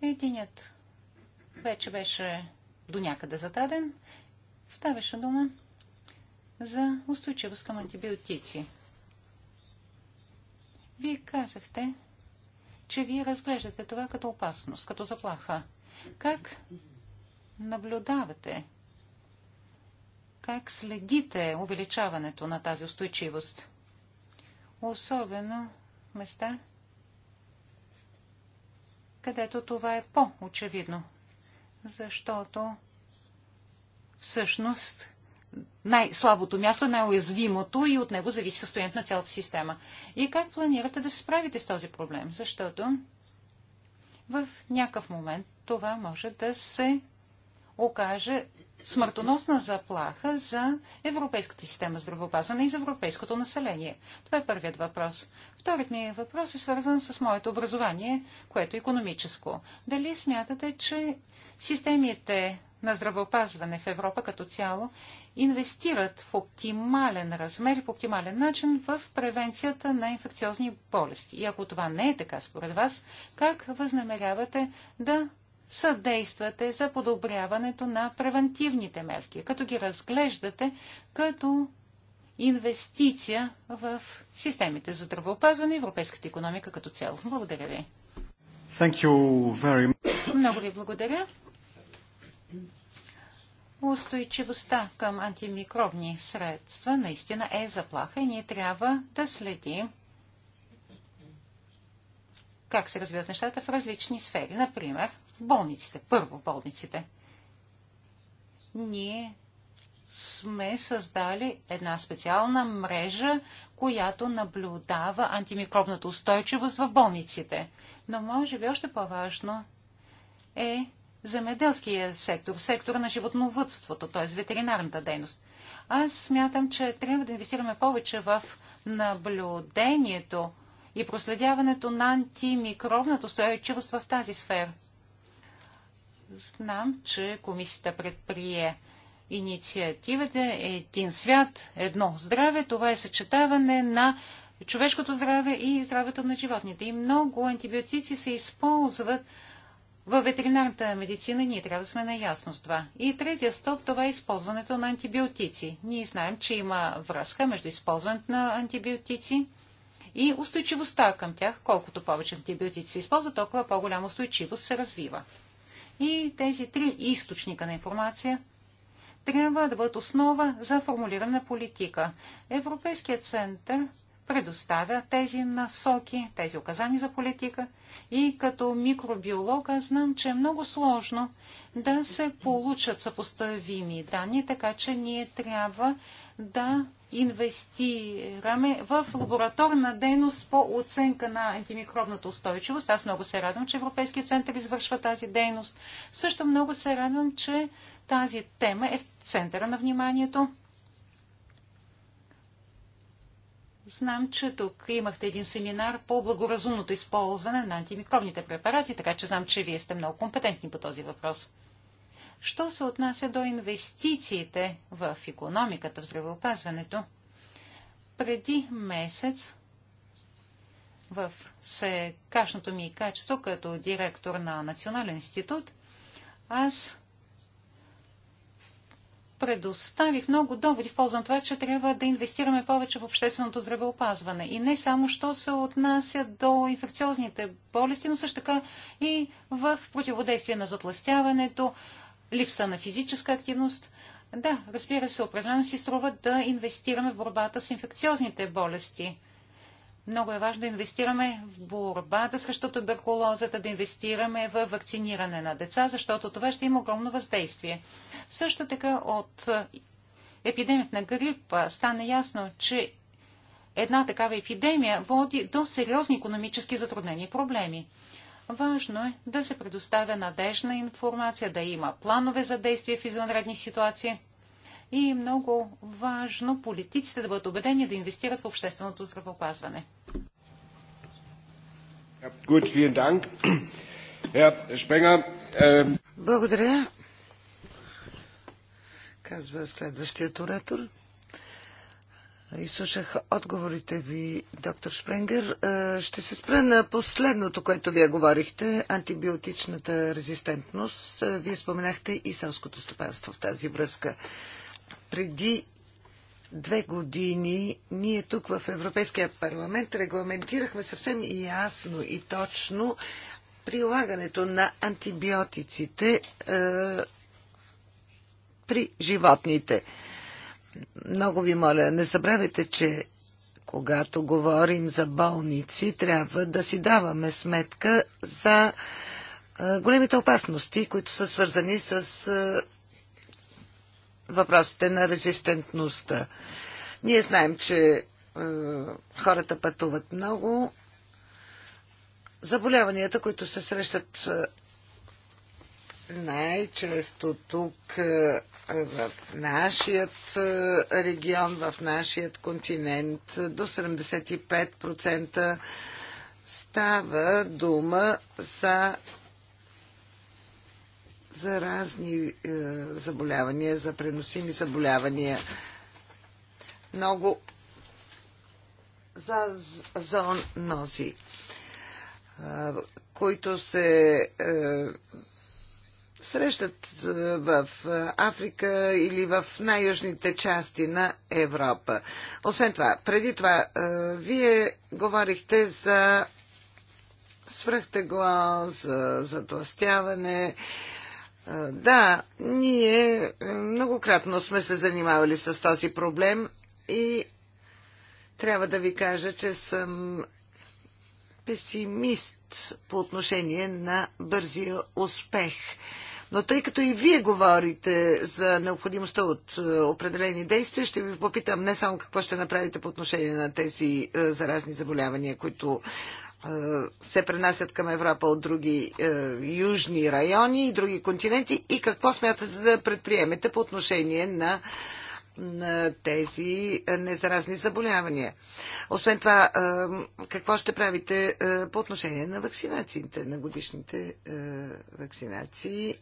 Единият вече беше до някъде зададен. Ставаше дума за устойчивост към антибиотици. Вие казахте, че вие разглеждате това като опасност, като заплаха. Как наблюдавате, как следите увеличаването на тази устойчивост? Особено места, където това е по-очевидно, защото всъщност най-слабото място, е най-уязвимото и от него зависи състоянието на цялата система. И как планирате да се справите с този проблем? Защото в някакъв момент това може да се окаже смъртоносна заплаха за европейската система здравеопазване и за европейското население? Това е първият въпрос. Вторият ми въпрос е свързан с моето образование, което е економическо. Дали смятате, че системите на здравеопазване в Европа като цяло инвестират в оптимален размер и по оптимален начин в превенцията на инфекциозни болести. И ако това не е така според вас, как възнамерявате да съдействате за подобряването на превентивните мерки, като ги разглеждате като инвестиция в системите за здравеопазване и европейската економика като цяло. Благодаря ви. Thank you very much. Много ви благодаря. Устойчивостта към антимикробни средства наистина е заплаха и ние трябва да следим как се развиват нещата в различни сфери. Например, болниците, първо болниците. Ние сме създали една специална мрежа, която наблюдава антимикробната устойчивост в болниците. Но може би още по-важно е земеделския сектор, сектора на животновътството, т.е. ветеринарната дейност. Аз смятам, че трябва да инвестираме повече в наблюдението и проследяването на антимикробната устойчивост в тази сфера. Знам, че комисията предприе инициативата Един свят, едно здраве. Това е съчетаване на човешкото здраве и здравето на животните. И много антибиотици се използват във ветеринарната медицина. Ние трябва да сме наясно с това. И третия стълб това е използването на антибиотици. Ние знаем, че има връзка между използването на антибиотици и устойчивостта към тях. Колкото повече антибиотици се използват, толкова по-голяма устойчивост се развива. И тези три източника на информация трябва да бъдат основа за формулиране на политика. Европейският център предоставя тези насоки, тези указания за политика. И като микробиолог аз знам, че е много сложно да се получат съпоставими данни, така че ние трябва да инвестираме в лабораторна дейност по оценка на антимикробната устойчивост. Аз много се радвам, че Европейския център извършва тази дейност. Също много се радвам, че тази тема е в центъра на вниманието. Знам, че тук имахте един семинар по благоразумното използване на антимикробните препарати, така че знам, че вие сте много компетентни по този въпрос. Що се отнася до инвестициите в економиката, в здравеопазването, преди месец в сегашното ми качество като директор на Национален институт, аз предоставих много доводи в полза на това, че трябва да инвестираме повече в общественото здравеопазване. И не само, що се отнася до инфекциозните болести, но също така и в противодействие на затластяването, липса на физическа активност. Да, разбира се, определено си струва да инвестираме в борбата с инфекциозните болести. Много е важно да инвестираме в борбата срещу туберкулозата, да инвестираме в вакциниране на деца, защото това ще има огромно въздействие. Също така от епидемията на грип стана ясно, че една такава епидемия води до сериозни економически затруднени проблеми. Важно е да се предоставя надежна информация, да има планове за действие в извънредни ситуации и много важно политиците да бъдат убедени да инвестират в общественото здравеопазване. Ähm, Благодаря. Казва следващият оратор. Изслушах отговорите ви, доктор Шпренгер. Е, ще се спра на последното, което вие говорихте, антибиотичната резистентност. Е, вие споменахте и селското стопанство в тази връзка. Преди две години ние тук в Европейския парламент регламентирахме съвсем ясно и точно прилагането на антибиотиците е, при животните много ви моля, не забравяйте, че когато говорим за болници, трябва да си даваме сметка за големите опасности, които са свързани с въпросите на резистентността. Ние знаем, че хората пътуват много. Заболяванията, които се срещат най-често тук е, в нашият е, регион, в нашият континент до 75% става дума за за разни е, заболявания, за преносими заболявания. Много за зоонози, е, които се е, срещат е, в е, Африка или в най-южните части на Европа. Освен това, преди това, е, вие говорихте за свръхтегло, за затластяване. Да, ние многократно сме се занимавали с този проблем и трябва да ви кажа, че съм песимист по отношение на бързия успех но тъй като и вие говорите за необходимостта от е, определени действия, ще ви попитам не само какво ще направите по отношение на тези е, заразни заболявания, които е, се пренасят към Европа от други южни райони и други континенти и какво смятате да предприемете по отношение на, на тези незаразни заболявания. Освен това, какво ще правите по отношение на вакцинациите, на годишните вакцинации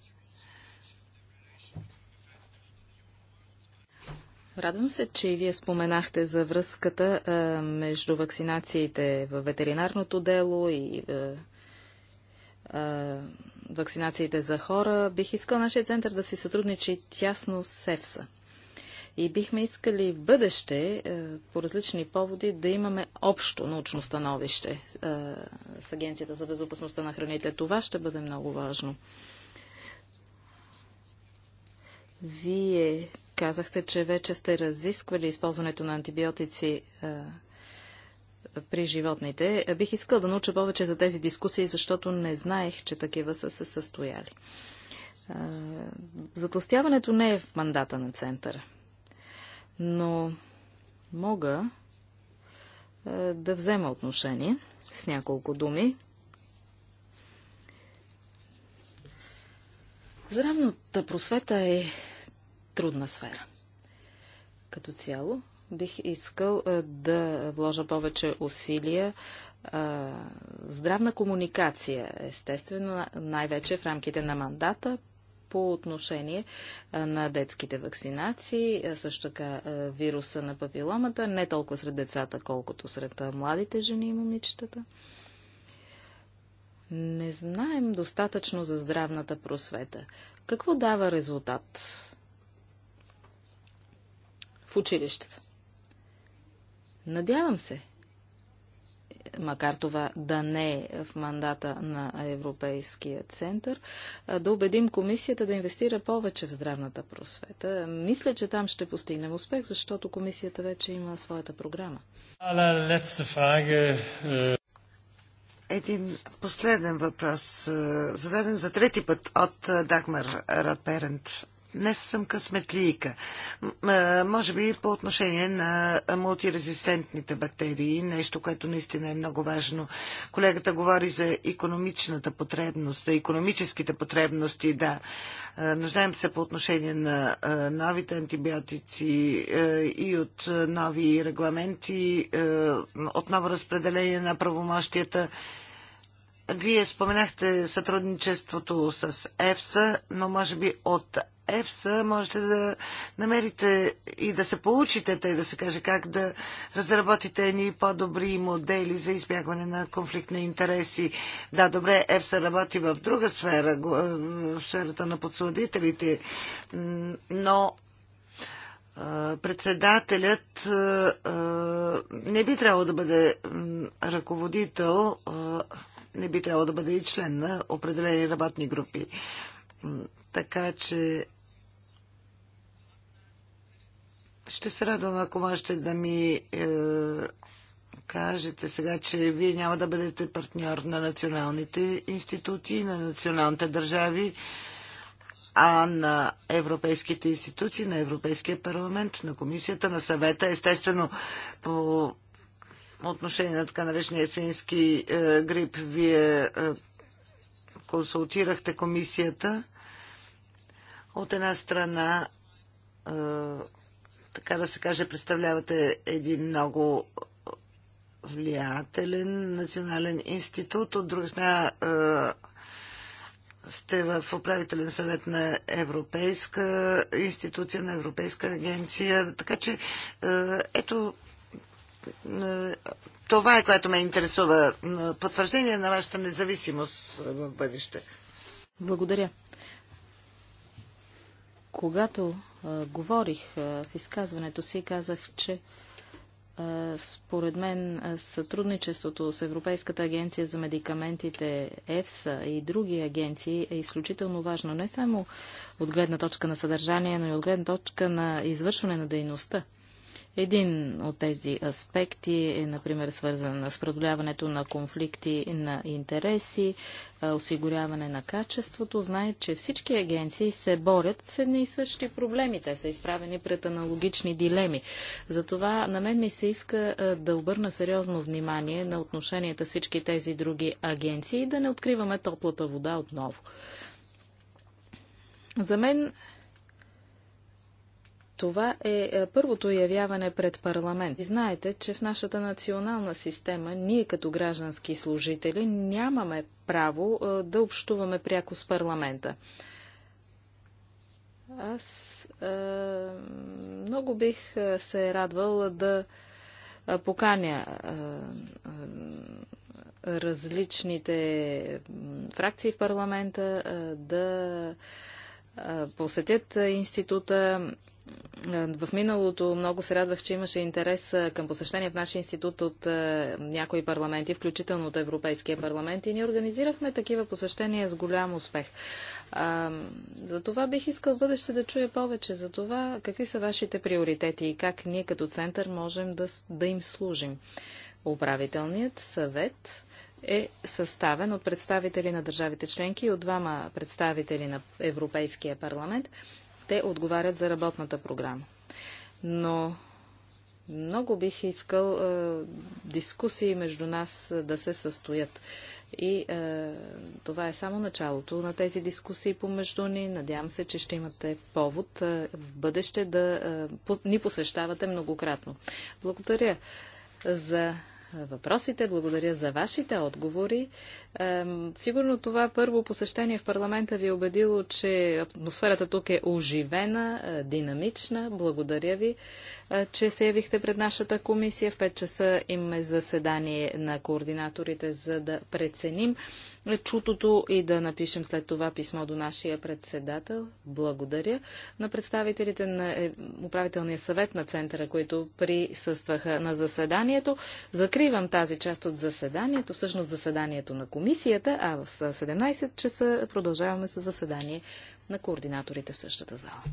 Радвам се, че и вие споменахте за връзката а, между вакцинациите в ветеринарното дело и а, а, вакцинациите за хора. Бих искал нашия център да си сътрудничи тясно с СЕФСА. И бихме искали в бъдеще, по различни поводи, да имаме общо научно становище с Агенцията за безопасността на храните. Това ще бъде много важно. Вие Казахте, че вече сте разисквали използването на антибиотици а, е, при животните. Бих искал да науча повече за тези дискусии, защото не знаех, че такива са се състояли. А, е, затластяването не е в мандата на центъра, но мога а, е, да взема отношение с няколко думи. Здравната просвета е трудна сфера. Като цяло бих искал да вложа повече усилия здравна комуникация, естествено, най-вече в рамките на мандата, по отношение на детските вакцинации, също така вируса на папиломата, не толкова сред децата, колкото сред младите жени и момичетата. Не знаем достатъчно за здравната просвета. Какво дава резултат? в училищата. Надявам се, макар това да не е в мандата на Европейския център, да убедим комисията да инвестира повече в здравната просвета. Мисля, че там ще постигнем успех, защото комисията вече има своята програма. Е, Един последен въпрос, е, зададен за трети път от е, Дагмар Радперент днес съм късметлийка. Може би по отношение на мултирезистентните бактерии, нещо, което наистина е много важно. Колегата говори за економичната потребност, за економическите потребности, да. Нуждаем се по отношение на новите антибиотици и от нови регламенти, отново разпределение на правомощията. Вие споменахте сътрудничеството с ЕФСА, но може би от ЕФСА можете да намерите и да се получите, тъй да се каже, как да разработите едни по-добри модели за избягване на конфликт на интереси. Да, добре, ЕФСА работи в друга сфера, е, в сферата на подсладителите, но председателят не би трябвало да бъде ръководител, не би трябвало да бъде и член на определени работни групи. Така че Ще се радвам, ако можете да ми е, кажете сега, че вие няма да бъдете партньор на националните институти, на националните държави, а на европейските институции, на Европейския парламент, на комисията, на съвета. Естествено, по отношение на така наречения свински е, грип, вие е, консултирахте комисията. От една страна е, така да се каже, представлявате един много влиятелен национален институт. От друга страна е, сте в управителен съвет на Европейска институция, на Европейска агенция. Така че, е, ето, е, това е което ме интересува. Потвърждение на вашата независимост в бъдеще. Благодаря. Когато говорих в изказването си, казах, че според мен сътрудничеството с Европейската агенция за медикаментите ЕФСА и други агенции е изключително важно не само от гледна точка на съдържание, но и от гледна точка на извършване на дейността. Един от тези аспекти е, например, свързан с преодоляването на конфликти на интереси, осигуряване на качеството. Знае, че всички агенции се борят с едни и същи проблеми. Те са изправени пред аналогични дилеми. Затова на мен ми се иска да обърна сериозно внимание на отношенията с всички тези други агенции и да не откриваме топлата вода отново. За мен това е, е първото явяване пред парламент. И знаете, че в нашата национална система ние като граждански служители нямаме право е, да общуваме пряко с парламента. Аз е, много бих е, се радвал да поканя е, е, различните фракции в парламента е, да посетят института в миналото много се радвах, че имаше интерес към посещение в нашия институт от някои парламенти, включително от Европейския парламент, и ние организирахме такива посещения с голям успех. За това бих искал в бъдеще да чуя повече за това какви са вашите приоритети и как ние като център можем да, да им служим. Управителният съвет е съставен от представители на държавите членки и от двама представители на Европейския парламент – те отговарят за работната програма. Но много бих искал е, дискусии между нас е, да се състоят. И е, това е само началото на тези дискусии помежду ни. Надявам се, че ще имате повод е, в бъдеще да е, ни посещавате многократно. Благодаря за въпросите, благодаря за вашите отговори. Сигурно това първо посещение в парламента ви е убедило, че атмосферата тук е оживена, е, динамична. Благодаря ви че се явихте пред нашата комисия. В 5 часа имаме заседание на координаторите, за да преценим чутото и да напишем след това писмо до нашия председател. Благодаря на представителите на е, управителния съвет на центъра, които присъстваха на заседанието. Закривам тази част от заседанието, всъщност заседанието на комисията, а в 17 часа продължаваме с заседание на координаторите в същата зала.